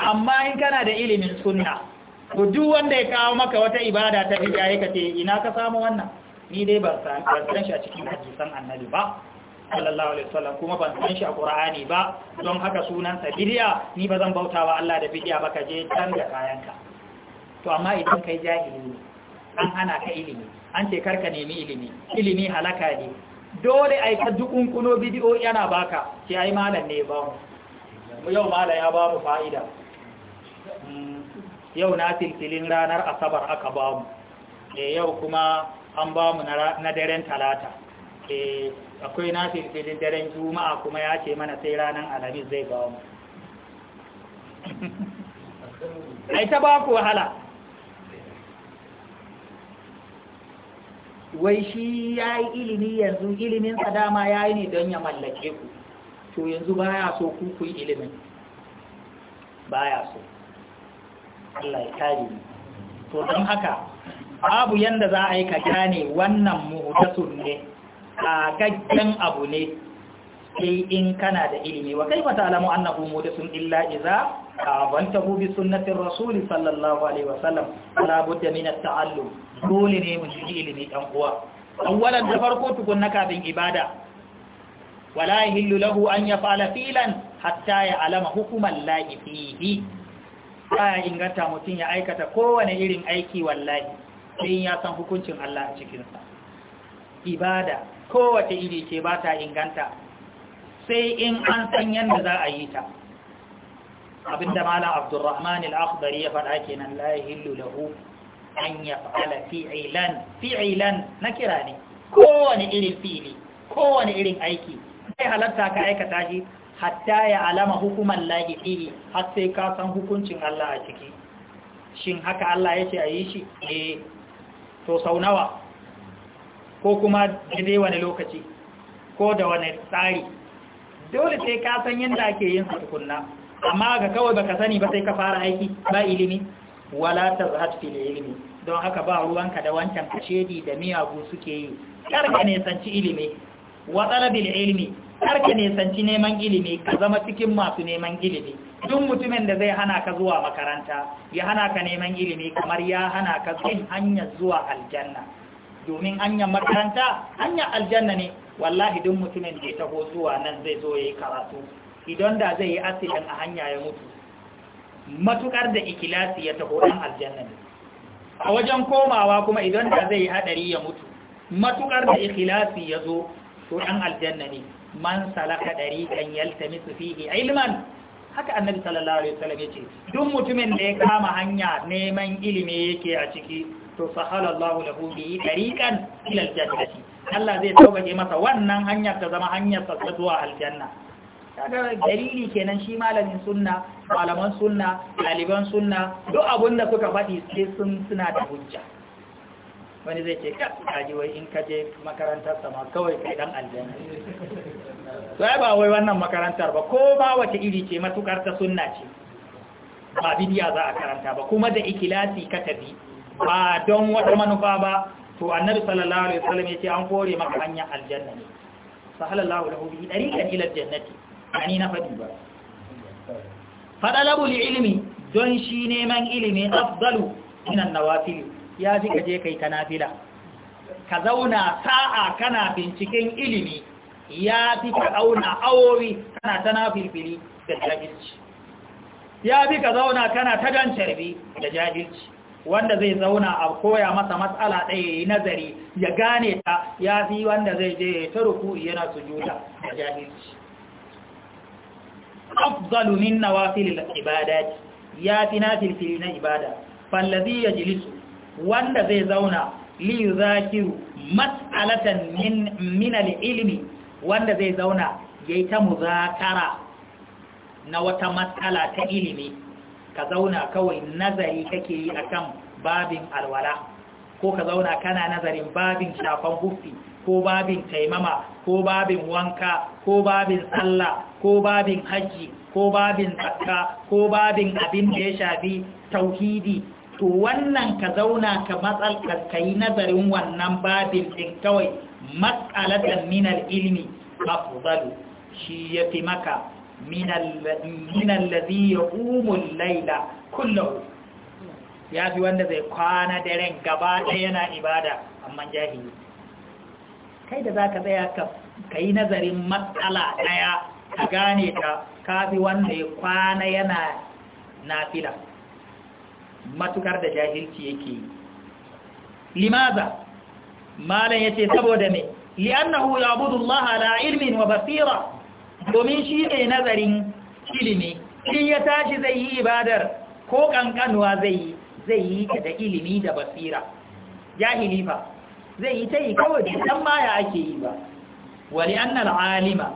[SPEAKER 1] amma in kana da ilimin sunna to duk wanda ya kawo maka wata ibada ta bid'a yake ce ina ka samu wannan ni dai ban san ban shi a cikin hadisan annabi ba sallallahu alaihi wasallam kuma ban san shi a qur'ani ba don haka sunan sa bid'a ni ba zan bauta wa Allah da bid'a ba ka je can da kayanka to amma idan kai jahili ne an hana ka ilimi an ce karka nemi ilimi ilimi halaka ne dole ai ka kuno bidiyo yana baka sai ai malam ne ba mu yau malam ya ba mu fa'ida yau na filfilin ranar asabar aka ba mu e eh, yau kuma an ba mu na daren talata e akwai na filfilin daren juma'a kuma ya ce mana sai ranar alamis zai ba mu ai ta ba ku wahala wai shi ya yi ilimi yanzu ilimin dama ya yi ne don ya mallake ku to yanzu baya so ku ku ilimin baya so Allah ya kare to don haka babu yanda za a yi ka gane wannan muhtasun ne a gaggen abu ne sai in kana da ilimi wa kaifa alamu annahu muhtasun illa banta hu bi sunnati rasul sallallahu alaihi wasallam la budda min at-ta'allum dole ne mu ji ilimi dan uwa awwalan da farko tukun na kafin ibada wala yahillu lahu an yaf'ala filan hatta ya'lama hukuman la'i fihi baya inganta mutum ya aikata kowane irin aiki wallahi sai ya san hukuncin Allah a cikinsa ibada kowace iri ce ba ta inganta sai in an san yadda za a yi ta abinda malam Abdulrahman al-akhdari ya faɗa kenan la yahillu lahu an yaf'ala fi'lan fi'lan na kira ne kowane irin fi'ili kowane irin aiki sai halatta ka aikata shi hatta ya alama hukuman Lagi ɗiri har sai ka san hukuncin Allah a ciki shin haka Allah ya ce a yi shi eh to sau nawa ko kuma daidai wani lokaci ko da wani tsari dole sai ka san yadda ake yin sa tukunna amma ga kawai baka sani ba sai ka fara aiki ba ilimi wala tazhat fili ilimi don haka ba ruwanka da wancan kashedi da miyagu suke yi karka ne sanci ilimi wa talabil ilimi kar ka nisanci neman ilimi ka zama cikin masu neman ilimi duk mutumin da zai hana ka zuwa makaranta ya hana ka neman ilimi kamar ya hana ka bin hanyar zuwa aljanna domin hanyar makaranta hanyar aljanna ne wallahi duk mutumin da ya taho zuwa nan zai zo ya yi karatu idan da zai yi asilin a hanya ya mutu matukar da ikilasi ya taho ɗan aljanna ne a wajen komawa kuma idan da zai yi haɗari ya mutu matukar da ikilasi ya zo to ɗan aljanna ne man salaka yalta yaltamisu fihi ilman haka annabi sallallahu alaihi wasallam yace duk mutumin da ya kama hanya neman ilimi yake a ciki to sahala Allahu lahu bi dariqan ila aljannati Allah zai taubaje masa wannan hanyar ta zama hanyar sa zuwa aljanna kaga dalili kenan shi malamin sunna malaman sunna ɗaliban sunna duk abinda suka faɗi sai sun suna da hujja wani zai ce kaji wai in kaje makarantar sama kawai kai dan aljanna sai ba wai wannan makarantar ba ko ba wata iri ce matukar ta sunna ce ba bidiya za a karanta ba kuma da ikilasi ka tafi ba don wata manufa ba to annabi sallallahu alaihi wasallam yace an kore maka hanyar aljanna ne sahalallahu lahu bi dariqan ila aljannati ani na fadi ba fadalabu li ilmi don shi neman ilimi afdalu min an-nawafil ya fi gaje kai ta nafila ka zauna sa'a kana binciken ilimi ya fi ka zauna awowi kana ta nafilfili da jahilci ya fi ka zauna kana ta gancarbi da jahilci wanda zai zauna a koya masa matsala ɗaya yi nazari ya gane ta ya fi wanda zai je ta ruku yana juta da jahilci afdalu nawafilin nawafilil ya fi nafilfili na ibada fallazi jilisu wanda zai zauna li zakiru mas'alatan min min al-ilmi wanda zai zauna yayi ta muzakara na wata matsala ta ilimi ka zauna kawai nazari kake yi akan babin alwala ko ka zauna kana nazarin babin shafan hufi ko babin taimama ko babin wanka ko babin sallah ko babin haji ko babin zakka ko babin abin da ya shafi tauhidi to wannan ka zauna ka matsal ka yi nazarin wannan babin ɗin kawai matsalatan minal ilmi afdalu shi ya fi maka minal ladhi yaqumul laila kullum ya fi wanda zai kwana daren gaba ɗaya yana ibada amma jahili kai da zaka tsaya ka yi nazarin matsala ɗaya ka gane ta ka fi wanda ya kwana yana nafila matukar da jahilci yake yi limaza malam yace saboda me li'annahu ya'budu Allah ala ilmin wa basira domin shi ne nazarin ilimi shi ya tashi zai yi ibadar ko kankanwa zai yi zai yi da ilimi da basira jahili fa zai yi ta yi kawai da san baya ake yi ba wa li'anna alima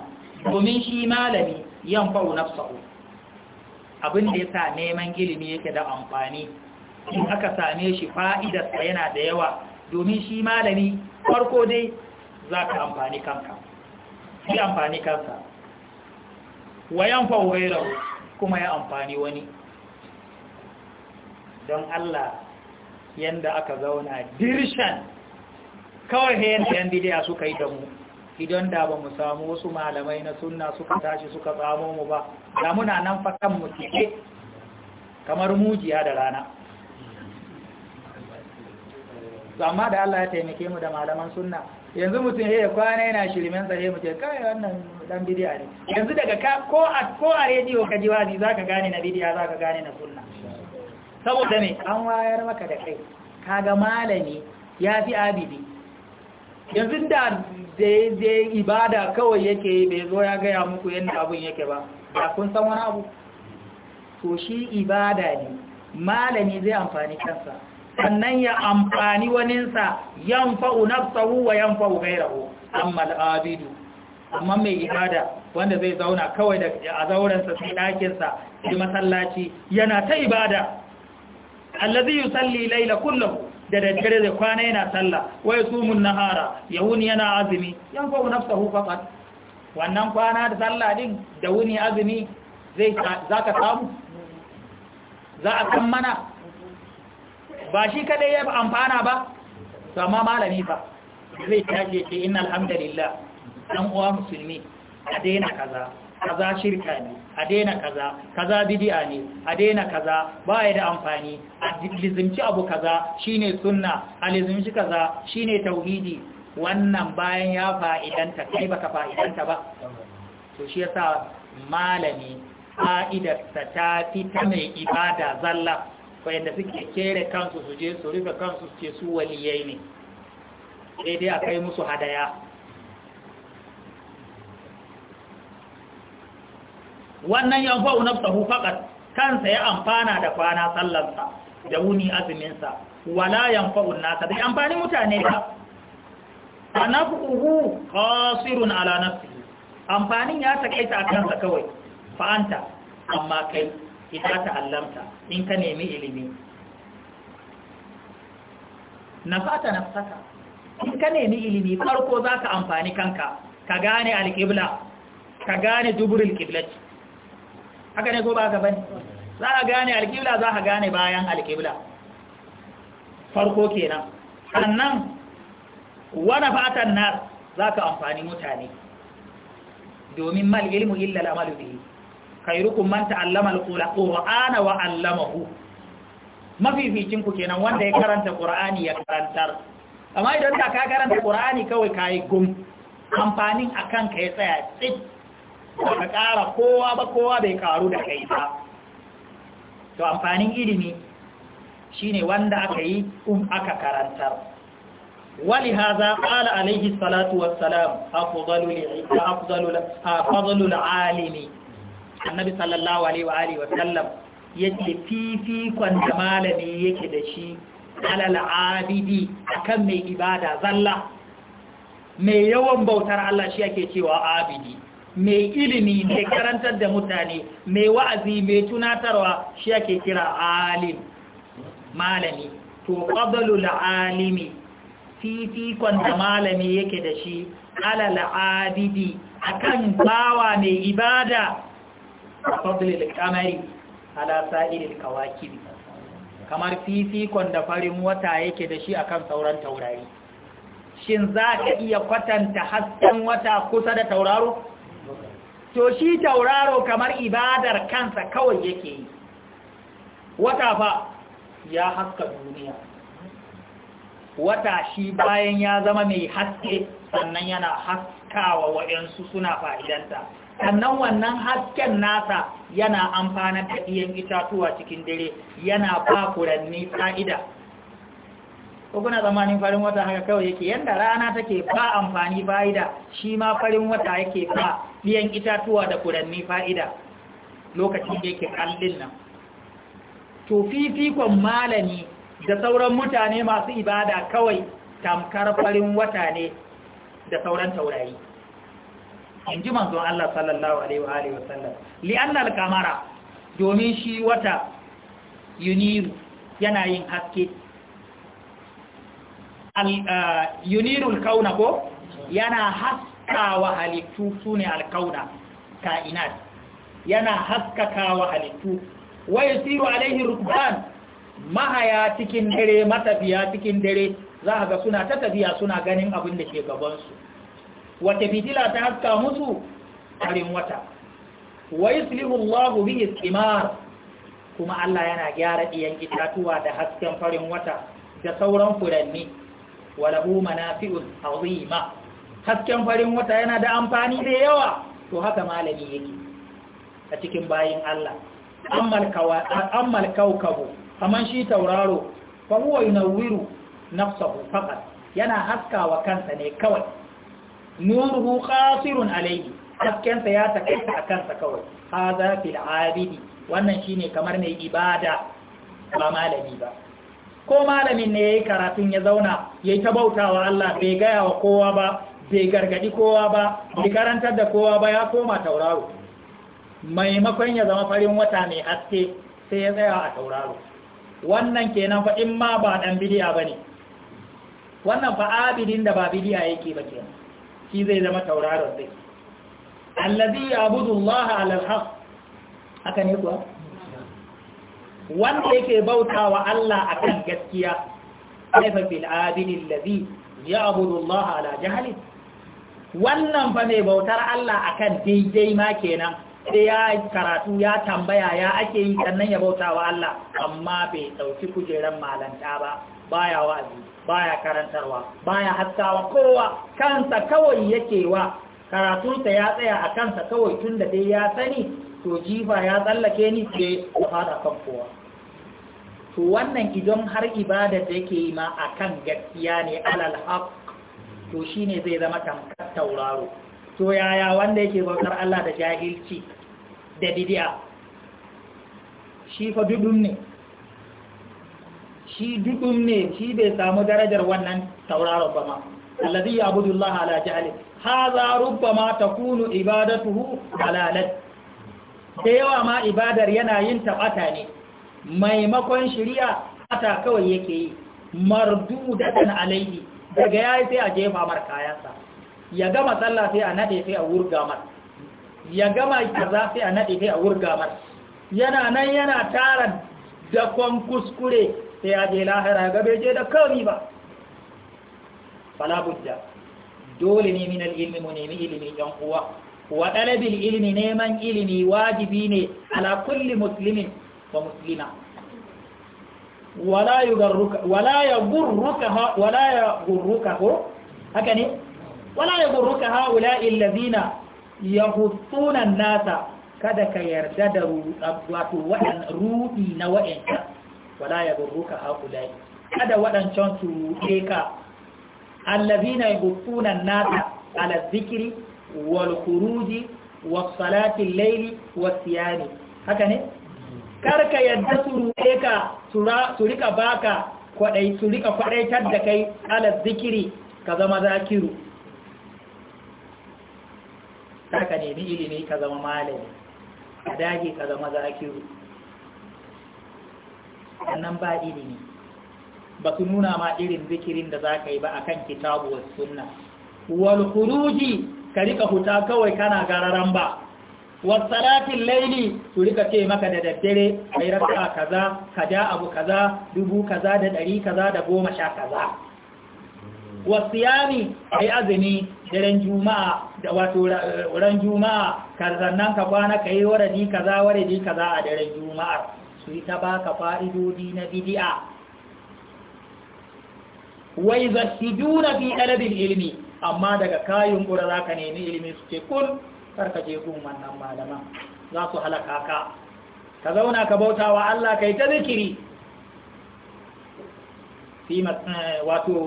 [SPEAKER 1] domin shi malami yanfa'u nafsahu abin da ya sa neman ilimi yake da amfani in aka same shi fa'idarsa yana da yawa domin shi malami farko dai za ka amfani kanka shi amfani kansa wayan fa'urairar kuma ya amfani wani don Allah yanda aka zauna dirshan kawai hayan da yan bidiya suka yi da mu idan da ba mu samu wasu malamai na sunna suka tashi suka tsamo mu ba da muna nan fakan mu cike kamar mujiya da rana amma da Allah ya taimake mu da malaman sunna yanzu mutum ya kwana yana shirimen tsaye mu ce kai wannan dan bidiya ne yanzu daga ka ko a ko a rediyo ka ji wazi zaka gane na bidiya zaka gane na sunna saboda me an wayar maka da kai kaga malami ya fi abidi yanzu da sai dai ibada kawai yake bai zo ya gaya muku yadda abin yake ba da kun san wani abu to shi ibada ne malami zai amfani kansa sannan ya amfani waninsa yan fa'u tsawo wa yan fa'u gairahu amma al'abidu amma mai ibada wanda zai zauna kawai da a zaurensa sai ɗakinsa yi masallaci yana ta ibada allazi yusalli laila kullahu da daddare da kwana yana sallah wai sumun nahara ya wuni yana azumi yan kwamu nafsa faqat wannan kwana da sallah din da wuni azumi za ka samu za a kan mana ba shi kadai ya amfana ba amma malami ba zai tashi ce innal alhamdulillah dan uwa musulmi a daina kaza kaza shirka ne a daina kaza kaza bidi'a ne a daina kaza baya da amfani a lizimci abu kaza shine sunna a lizimci kaza shine tauhidi wannan bayan ya fa'idanta kai baka fa'idanta ba to shi yasa malami fa'idarsa ta fi ta mai ibada zalla wanda suke kere kansu su je su rufe kansu su ce su waliyai ne sai dai a kai musu hadaya wannan yanfa'u nafsahu faqat kansa ya amfana da kwana sallarsa da wuni azuminsa wala yanfa'u nasa da amfani mutane ba anafuhu qasirun ala nafsihi amfanin ya takaita a kansa kawai fa anta amma kai idan ta allamta in ka nemi ilimi nafata nafsaka in ka nemi ilimi farko zaka amfani kanka ka gane alqibla ka gane dubrul qiblati haka ne ko ba haka bane za a gane alƙibla za a gane bayan alƙibla farko kenan sannan wani fatan na za ka amfani mutane domin mal ilmu illa al'amalu bihi khairukum man ta'allama al-qur'ana wa 'allamahu mafificin ku kenan wanda ya karanta qur'ani ya karantar amma idan ka karanta qur'ani kawai kai gum amfanin akan ka ya tsaya tsit ba ƙara kowa ba kowa bai ƙaru da kai ba to amfanin ilimi shine wanda aka yi um aka karantar wali haza qala alaihi salatu wassalam afdalul alimi annabi sallallahu alaihi wa sallam. yake fifi malami yake da shi alal abidi akan mai ibada zalla mai yawan bautar Allah shi ake cewa abidi mai ilimi mai karantar da mutane mai wa'azi mai tunatarwa shi ake kira alim malami to qablu alimi fifikon da malami yake da shi alal abidi akan bawa mai ibada fadlil kamari ala sa'iril kawakib kamar fifikon da farin wata yake da shi akan sauran taurari shin za ka iya kwatanta hasken wata kusa da tauraro to shi tauraro kamar ibadar kansa kawai yake yi wata fa ya haska duniya wata shi bayan ya zama mai haske sannan yana haskawa waɗansu suna fa'idanta sannan wannan hasken nasa yana amfanar da iyan itatuwa cikin dare yana ba furanni fa'ida kuna zamanin farin wata haka kawai yake yadda rana take ba amfani fa'ida shi ma farin wata yake ba biyan itatuwa da kuranni fa'ida lokacin da yake kallin nan to fifikon malami da sauran mutane masu ibada kawai tamkar farin wata ne da sauran taurari in ji manzon Allah sallallahu alaihi wa sallam al-kamara domin shi wata yuniru yana yin haske uh, yunirul kauna ko yana haske haskakawa halittu su ne alkauna ka'inat yana haskakawa halittu wai siru alaihi rukban mahaya cikin dare matafiya cikin dare za a ga suna ta tafiya suna ganin abin da ke gabansu wata fitila ta haska musu harin wata wai silihullahu bi istimar kuma Allah yana gyara ɗiyan itatuwa da hasken farin wata da sauran furanni lahu manafi'un azima hasken farin wata yana da amfani da yawa to haka malami yake a cikin bayin Allah ammal kawkabu kaman shi tauraro fa huwa yunawwiru nafsahu faqat yana haskawa kansa ne kawai nuruhu qasirun alayhi haskensa ya takaita a kansa kawai haza fil abidi wannan shine kamar mai ibada ba malami ba ko malamin ne yayi karatun ya zauna yayi ta bautawa Allah bai gaya wa kowa ba bai gargadi kowa ba bai karantar da kowa ba ya koma tauraro maimakon ya zama farin wata mai haske sai ya tsaya a tauraro wannan kenan fa in ma ba dan bidiya bane wannan fa abidin da ba bidiya yake ba kenan shi zai zama tauraron sai allazi ya'budu Allah ala al-haq haka ne kuwa wanda yake bautawa Allah akan gaskiya kaifa bil abidin allazi ya'budu Allah ala jahalin wannan fa mai bautar Allah akan daidai ma kenan sai ya karatu ya tambaya ya ake yi sannan ya bautawa Allah amma bai ɗauki kujeran malanta ba baya wa'azi baya karantarwa baya haskawa kowa kansa kawai yake wa karatunsa ya tsaya a kansa kawai tun da dai ya sani to jifa ya tsallake ni sai ya fada kan kowa to wannan idan har ibada da yake yi ma akan gaskiya ne alal to shi ne zai zama tamkar tauraro to yaya wanda yake bautar Allah da jahilci da bidiya shi fa dudun ne shi dudun ne shi bai samu darajar wannan tauraro ba ma alladhi ya'budu Allah ala jahli hadha rubbama takunu ibadatuhu halalat da yawa ma ibadar yana yin tabata ne maimakon shari'a ta kawai yake yi mardudatan alaihi daga yi sai a jefa mar kayansa ya gama tsalla sai a nade sai a wurga mar ya gama kaza sai a nade sai a wurga mar yana nan yana tara dakon kuskure sai ya je lahira ga bai je da kawai ba fala budda dole ne min ilmi mu nemi ilimi yan uwa wa talabil ilimi neman ilimi wajibi ne ala kulli muslimin wa muslima wala gurruka wala yagurruka wala ko haka ne wala illazina nasa kada ka yarda da wato wadan rudi na waɗanka wala kada waɗancan su ka allazina yahuttuna nasa ala zikiri wal khuruji was salati al-layli was haka ne kar ka yadda su ruɗe ka su rika baka kwaɗai su rika kwaɗaitar da kai ala zikiri ka zama zakiru kar ka nemi ilimi ka zama malami ka dage ka zama zakiru annan ba ilimi ba su nuna ma irin zikirin da za ka yi ba a kan kitabu wasu sunna walhuruji ka rika huta kawai kana gararan ba wasalatin laili su rika ce maka da daddare kai raka kaza kaja abu kaza dubu kaza da dari kaza da goma sha kaza wasiyami kai azumi daren juma'a da wato ran juma'a karzannan ka kwana kai waradi kaza waradi kaza a daren juma'a su yi ta baka fa'idodi na bidi'a wai juna fi ɗalabin ilimi amma daga kayan ƙura za ka nemi ilimi su ce kun Karka ka je gun wannan malaman za su halaka ka ka zauna ka bauta wa Allah kai ta zikiri waljulusi eh, wato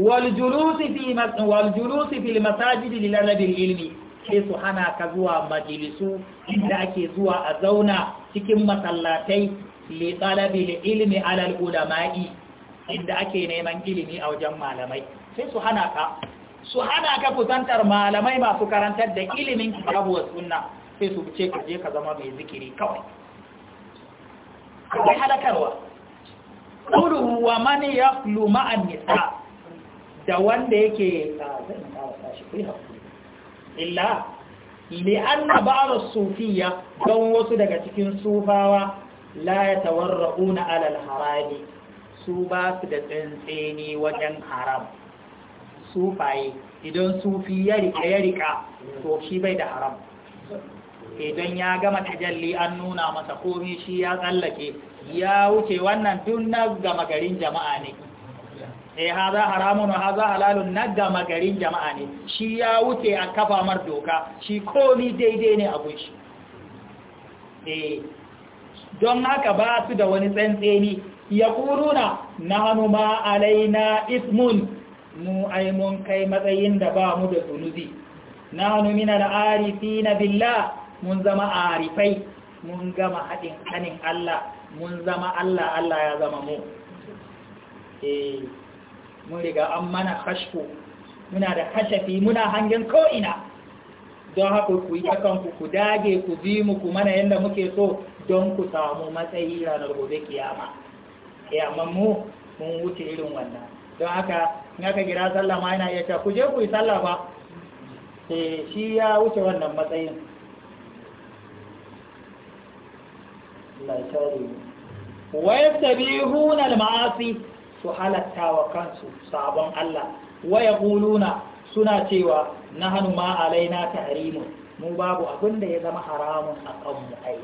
[SPEAKER 1] wal fi wal fil lil ilmi sai su hana ka zuwa majilisu inda ake zuwa a zauna cikin masallatai li talabil ilmi ala al ulama'i inda ake neman ilimi a wajen malamai sai su hana ka su hana ka kusantar malamai masu karantar da ilimin kitabu wa sunna sai su ce ka je ka zama mai zikiri kawai akwai halakarwa kudu wa mani ya luma an nisa da wanda yake illa li'anna ba'ar sufiya don wasu daga cikin sufawa la na alal harami su ba su da tsantseni wajen haram sufaye idan sufi ya rika ya to shi bai da haram idan ya gama tajalli an nuna masa komi shi ya tsallake ya wuce wannan tun na gama garin jama'a ne eh haza haramun wa haza halalun na gama garin jama'a ne shi ya wuce a kafa mar doka shi komi daidai ne a gunshi eh don haka ba su da wani tsantseni ya kuruna na hannu ma alaina ismun mu ai mun kai matsayin da ba mu da suluzi nahnu min al na billah mun zama arifai mun gama hadin kanin Allah mun zama Allah Allah ya zama mu eh, mun riga an mana kashfu. muna da kashafi muna hangen ko'ina. ina don haka ku yi ku dage ku bi mu ku mana yadda muke so don ku samu matsayi ranar gobe kiyama Kiyaman eh, mu mun wuce irin wannan don haka na ka gira sallah ma yana iya cewa ku je ku yi sallah ba sai eh, shi ya wuce wannan matsayin waye sabi hunar maasi su halatta wa kansu sabon Allah waye yaquluna suna cewa na hanuma alaina tarimu mu babu abin da ya zama haramun a kanmu ai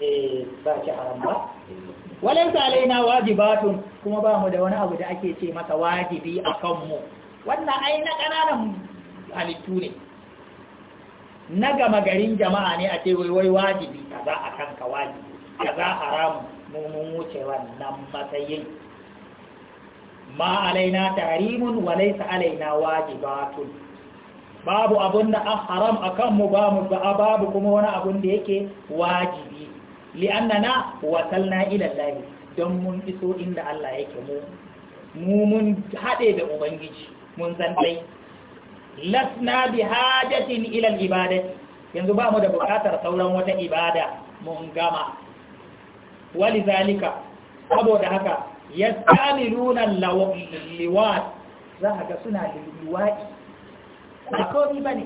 [SPEAKER 1] eh ba ki haram ba eh. walaisa alaina wajibatun kuma ba mu da wani abu da ake ce masa wajibi a kanmu wannan ai na kananan halittu ne na gama garin jama'a ne a ce wai wajibi ka za a kanka wajibi kaza haramun mun wuce wannan matsayin ma alaina tarimun walaysa alaina wajibatun babu abun da haram akan mu ba mu babu kuma wani abun da yake wajibi li'annana wasalna ila Allah don mun iso inda Allah yake mu mu mun haɗe da ubangiji mun san dai lasna bi hajatin ila ibada yanzu ba mu da buƙatar sauran wata ibada mun gama wali zalika saboda haka yastamiluna liwat za ka ga suna liwati ba kawai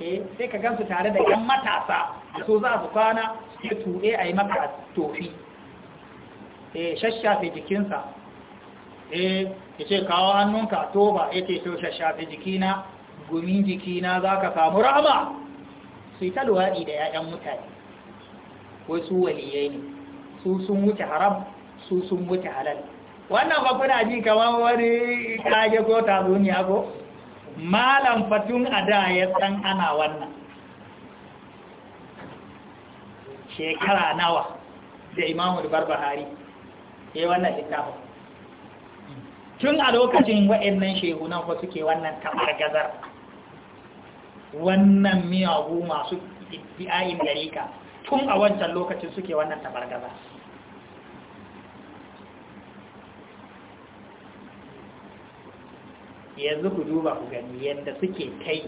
[SPEAKER 1] eh sai ka gansu tare da yan matasa su za su kwana ya tuɗe a yi maka tofi E, shashafe jikinsa E, ya ce kawo hannunka toba ya ce to shashafe jikina gumin jikina za ka samu rama su yi talwaɗi da 'ya'yan mutane wai su waliyai ne su sun wuce haram su sun wuce halal wannan ba ji kamar wani kage ko tatsuniya ko malam fatun a da ya san ana wannan shekara nawa da imamu barbahari ya yi wannan littafin tun a lokacin wa'annan shehunan ko suke wannan kamar gazar wannan miyagu masu bi'ayin dariƙa tun a wancan lokacin suke wannan tabar gazar yanzu ku duba ku gani yadda suke kai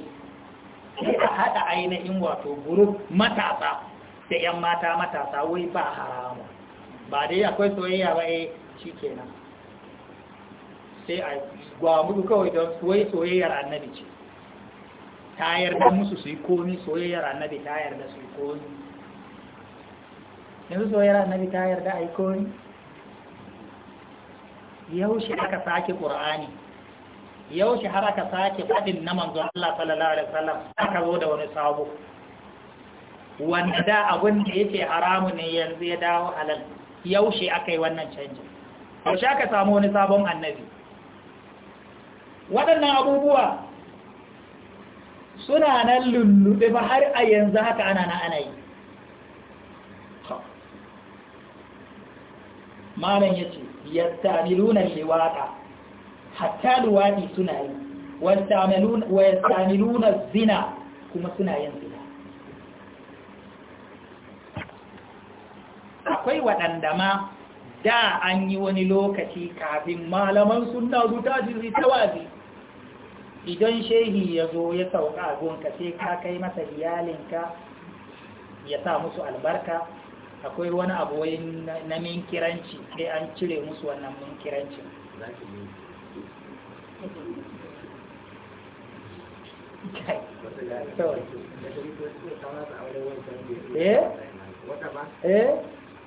[SPEAKER 1] sai a haɗa ainihin wato guru matasa da 'yan mata matasa wai ba haramu ba dai akwai soyayya ba eh shi sai a gwamudu kawai don wai soyayyar annabi ce ta yarda musu su yi komi soyayyar annabi ta yarda su yi komi yanzu soyayyar annabi ta yarda a yi komi yaushe aka sake ƙur'ani yaushe har aka sake faɗin na manzon Allah sallallahu alaihi wasallam aka zo da wani sabo wanda da abin da yake haramu ne yanzu ya dawo halal yaushe aka yi wannan canjin yaushe aka samu wani sabon annabi waɗannan abubuwa suna nan lullube ba har a yanzu haka ana na ana yi malam ya ce yadda milunan liwaka hatta luwaɗi suna yi wasta milunan zina kuma suna yin zina akwai waɗanda ma da an yi wani lokaci kafin malaman suna zuta jirgin ta idan shehi ya zo ya sauka a gonka sai ka kai masa iyalinka ya sa musu albarka akwai wani abu na minkiranci sai an cire musu wannan minkirancin eh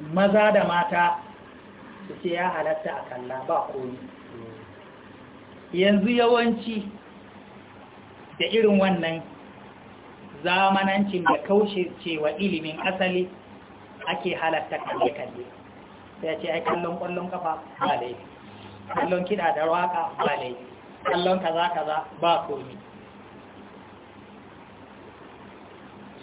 [SPEAKER 1] maza da mata su ce ya halatta a kalla ba komi yanzu yawanci da irin wannan zamanancin da kaushe cewa ilimin asali ake halatta kalle-kalle sai ce ai kallon kwallon kafa ba laifi kallon kida da waka ba laifi kallon kaza-kaza ba komi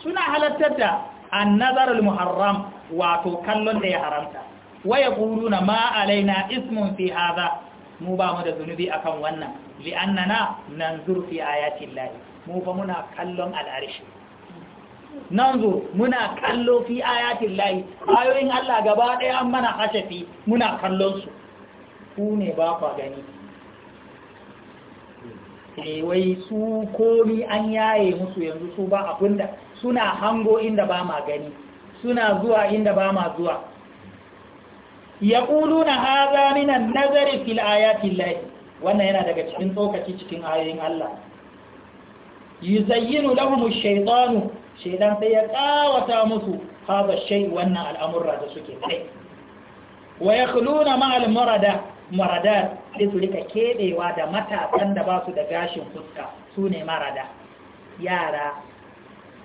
[SPEAKER 1] suna halattar da an nazarul muharram wato kallon da ya haramta waya na ma alaina ismun fi hadha mu ba mu da zunubi akan wannan annana nanzur fi ayati llahi mu fa muna kallon al'arshi nanzur muna kallo fi ayati llahi ayoyin Allah gaba ɗaya an mana hashafi muna kallon su ku ne ba ku gani eh wai su komi an yaye musu yanzu su ba abunda suna hango inda ba ma gani suna zuwa inda ba ma zuwa ya ƙulu na haza minan nazari fil ayatin lahi wannan yana daga cikin tsokaci cikin ayoyin Allah yi zayyinu lahumu shaitanu shaitan sai ya ƙawata musu haza shai wannan al'amurra da suke kai wa ya ƙulu na ma'al marada sai su rika keɓewa da matasan da ba su da gashin fuska Sune marada yara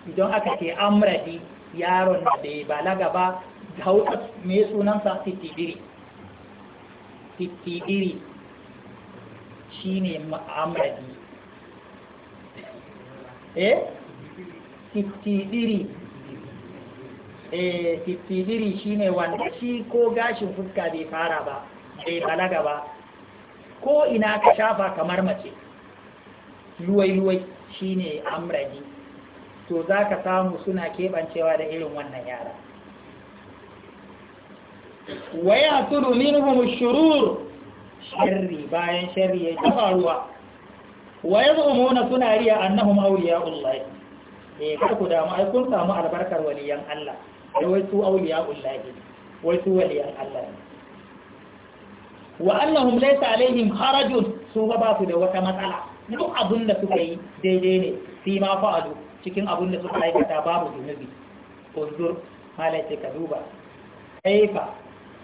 [SPEAKER 1] idan aka ce amradi yaron da bai balaga ba hauta mai sunansa titibiri titidiri shi ne amradi eh titidiri eh titidiri shi ne wanda shi ko gashin fuska bai fara ba bai balaga ba ko ina ka shafa kamar mace luwai-luwai shi ne amradi to za ka samu suna keɓancewa da irin wannan yara waya tudu minhum shurur sharri bayan sharri ya taɓa ruwa waya zuumuna suna riya annahum awliya'ullahi eh kar ku damu ai kun samu albarkar waliyan Allah ai wai su awliya'ullahi wai su waliyan Allah wa annahum laysa alaihim harajun su ba su da wata matsala duk abinda suka yi daidai ne fi ma fa'alu cikin abin da suka aikata babu zunubi uzur malaita ka duba kaifa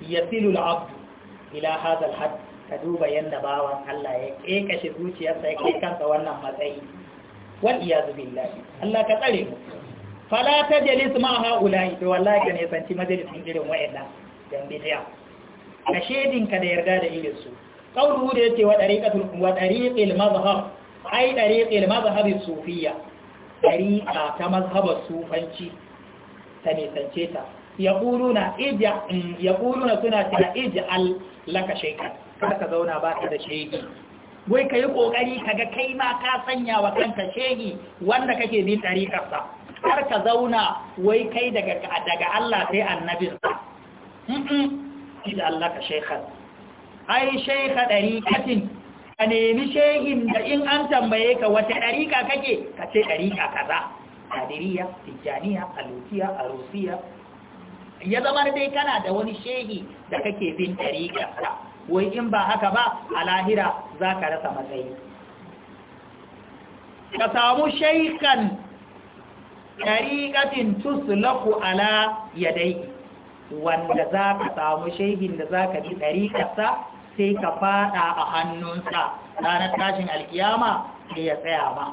[SPEAKER 1] yasilu al-abdu ila hadha al-hadd ka duba yanda bawan Allah ya kekashe zuciyarsa ya kai kansa wannan matsayi wal iyazu billahi Allah ka tsare mu fala tajlis ma haula'i to wallahi kan yasanci majalisin irin wayannan dan bidiya ka shedin ka da yarda da irin su qawlu da yace wa dariqatul wa dariqil mazhab ai dariqil mazhab sufiyya ɗariƙa ta mazhabar sufanci ta nisance ta ya mm, suna tana iji al laka shekar ka zauna ba ka da shegi wai ka yi ƙoƙari ka ga kai ma ka sanya wa kanka shegi wanda kake bin ɗariƙarsa kar ka zauna wai kai daga Allah sai annabinsa iji al laka ka nemi shehin da in an tambaye ka wata ɗariƙa kake ka ce ɗariƙa kaza kadiriya tijjaniya alukiya arusiya ya zama dai kana da wani shehi da kake bin ɗariƙarsa wai in ba haka ba a lahira za ka rasa matsayi ka samu shaikan ɗariƙatin tusulaku ala ya dai wanda za ka samu shehin da za ka bi ɗariƙarsa sai ka fada a hannunsa ranar tashin alkiyama da ya tsaya ba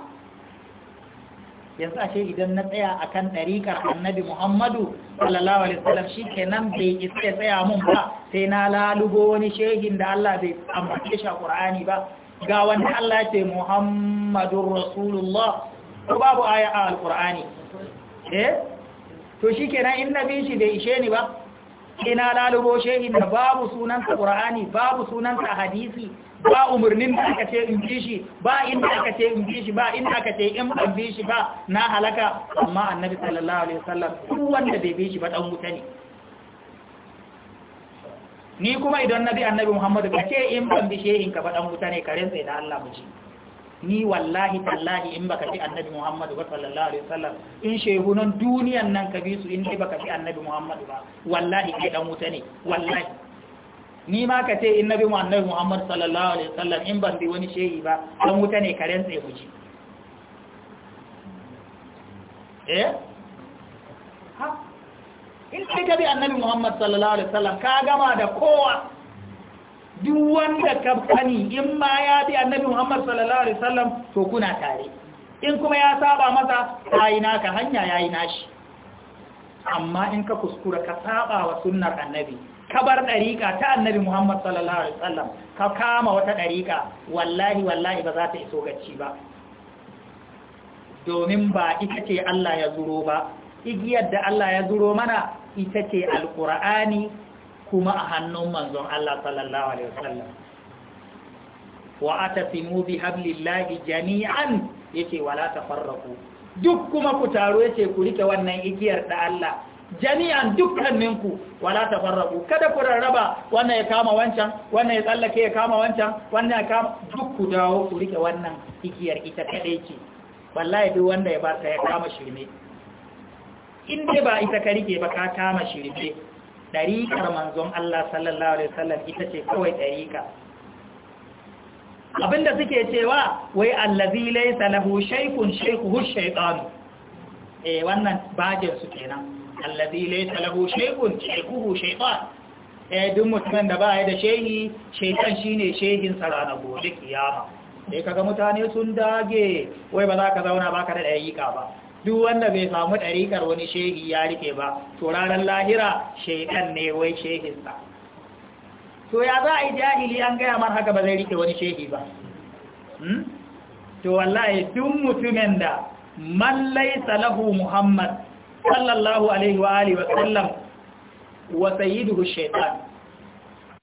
[SPEAKER 1] yanzu ashe idan na tsaya a kan ɗariƙar annabi muhammadu sallallahu alaihi wasallam shi nan bai iske tsaya mun ba sai na lalugo wani shehin da Allah bai ambace shi a Qur'ani ba ga wanda Allah ce Muhammadur Rasulullah ko babu aya a eh to shi kenan in na shi bai ishe ni ba sai na lalubo shehin da babu sunanta qur'ani babu sunanta hadisi ba umarnin da aka ce in bishi shi ba inda aka ce in bishi shi ba inda aka ce in ban bi shi ba na halaka amma annabi sallallahu alaihi wasallam duk wanda bai bi shi ba dan wuta ne ni kuma idan nabi annabi Muhammadu ka ce in ban bi shehin ka ba dan wuta ne karen sai da Allah mu ji ni wallahi tallahi in baka fi annabi Muhammadu ba sallallahu alaihi wasallam in shehunan duniyan nan ka bi su in dai baka fi annabi Muhammadu ba wallahi kai dan wuta ne wallahi ni ma ka ce innabi mu annabi Muhammadu sallallahu alaihi wasallam in ban bi wani shehi ba dan wuta ne karen tsaye muji eh ha in kai ka bi annabi Muhammadu sallallahu alaihi wasallam ka gama da kowa duk wanda ka in ma ya bi annabi Muhammad sallallahu alaihi wasallam to kuna tare in kuma ya saba masa yayi naka hanya yayi nashi amma in ka kuskura ka saba wa sunnar annabi ka bar ɗarika ta annabi Muhammad sallallahu alaihi wasallam ka kama wata dariqa wallahi wallahi ba za ta iso gaci ba domin ba ita ce Allah ya zuro ba igiyar da Allah ya zuro mana ita ce alqur'ani kuma a hannun manzon Allah sallallahu alaihi wasallam wa atasimu bi hablillahi jami'an yace wala tafarraqu duk kuma ku taro yace ku rike wannan igiyar da Allah jami'an dukkaninku wala tafarraqu kada ku rarraba wannan ya kama wancan wannan ya tsallake ya kama wancan wannan ya kama duk ku dawo ku rike wannan igiyar ita kadai ce wallahi duk wanda ya barka ya kama shirme in dai ba ita ka rike ba ka kama shirme ɗariƙar manzon Allah sallallahu Alaihi wasallam ita ce kawai ɗariƙa abinda suke cewa wai allazi laisa lahu shaykun shaykhu shaytan eh wannan bajin su kenan allazi laisa lahu shaykun shaykhu shaytan eh duk mutumin da baya da shehi shi shine shehin sa ranar gobe kiyama sai kaga mutane sun dage wai ba za ka zauna ba ka da ɗariƙa ba duk wanda bai samu ɗariƙar wani shehi ya rike ba to ranar lahira shaidan ne wai shehinsa to ya za a yi jahili an gaya mar haka ba zai rike wani shehi ba hmm? to wallahi duk mutumin da mallai salahu muhammad sallallahu alaihi wa alihi wa sallam wa sayyiduhu shaitan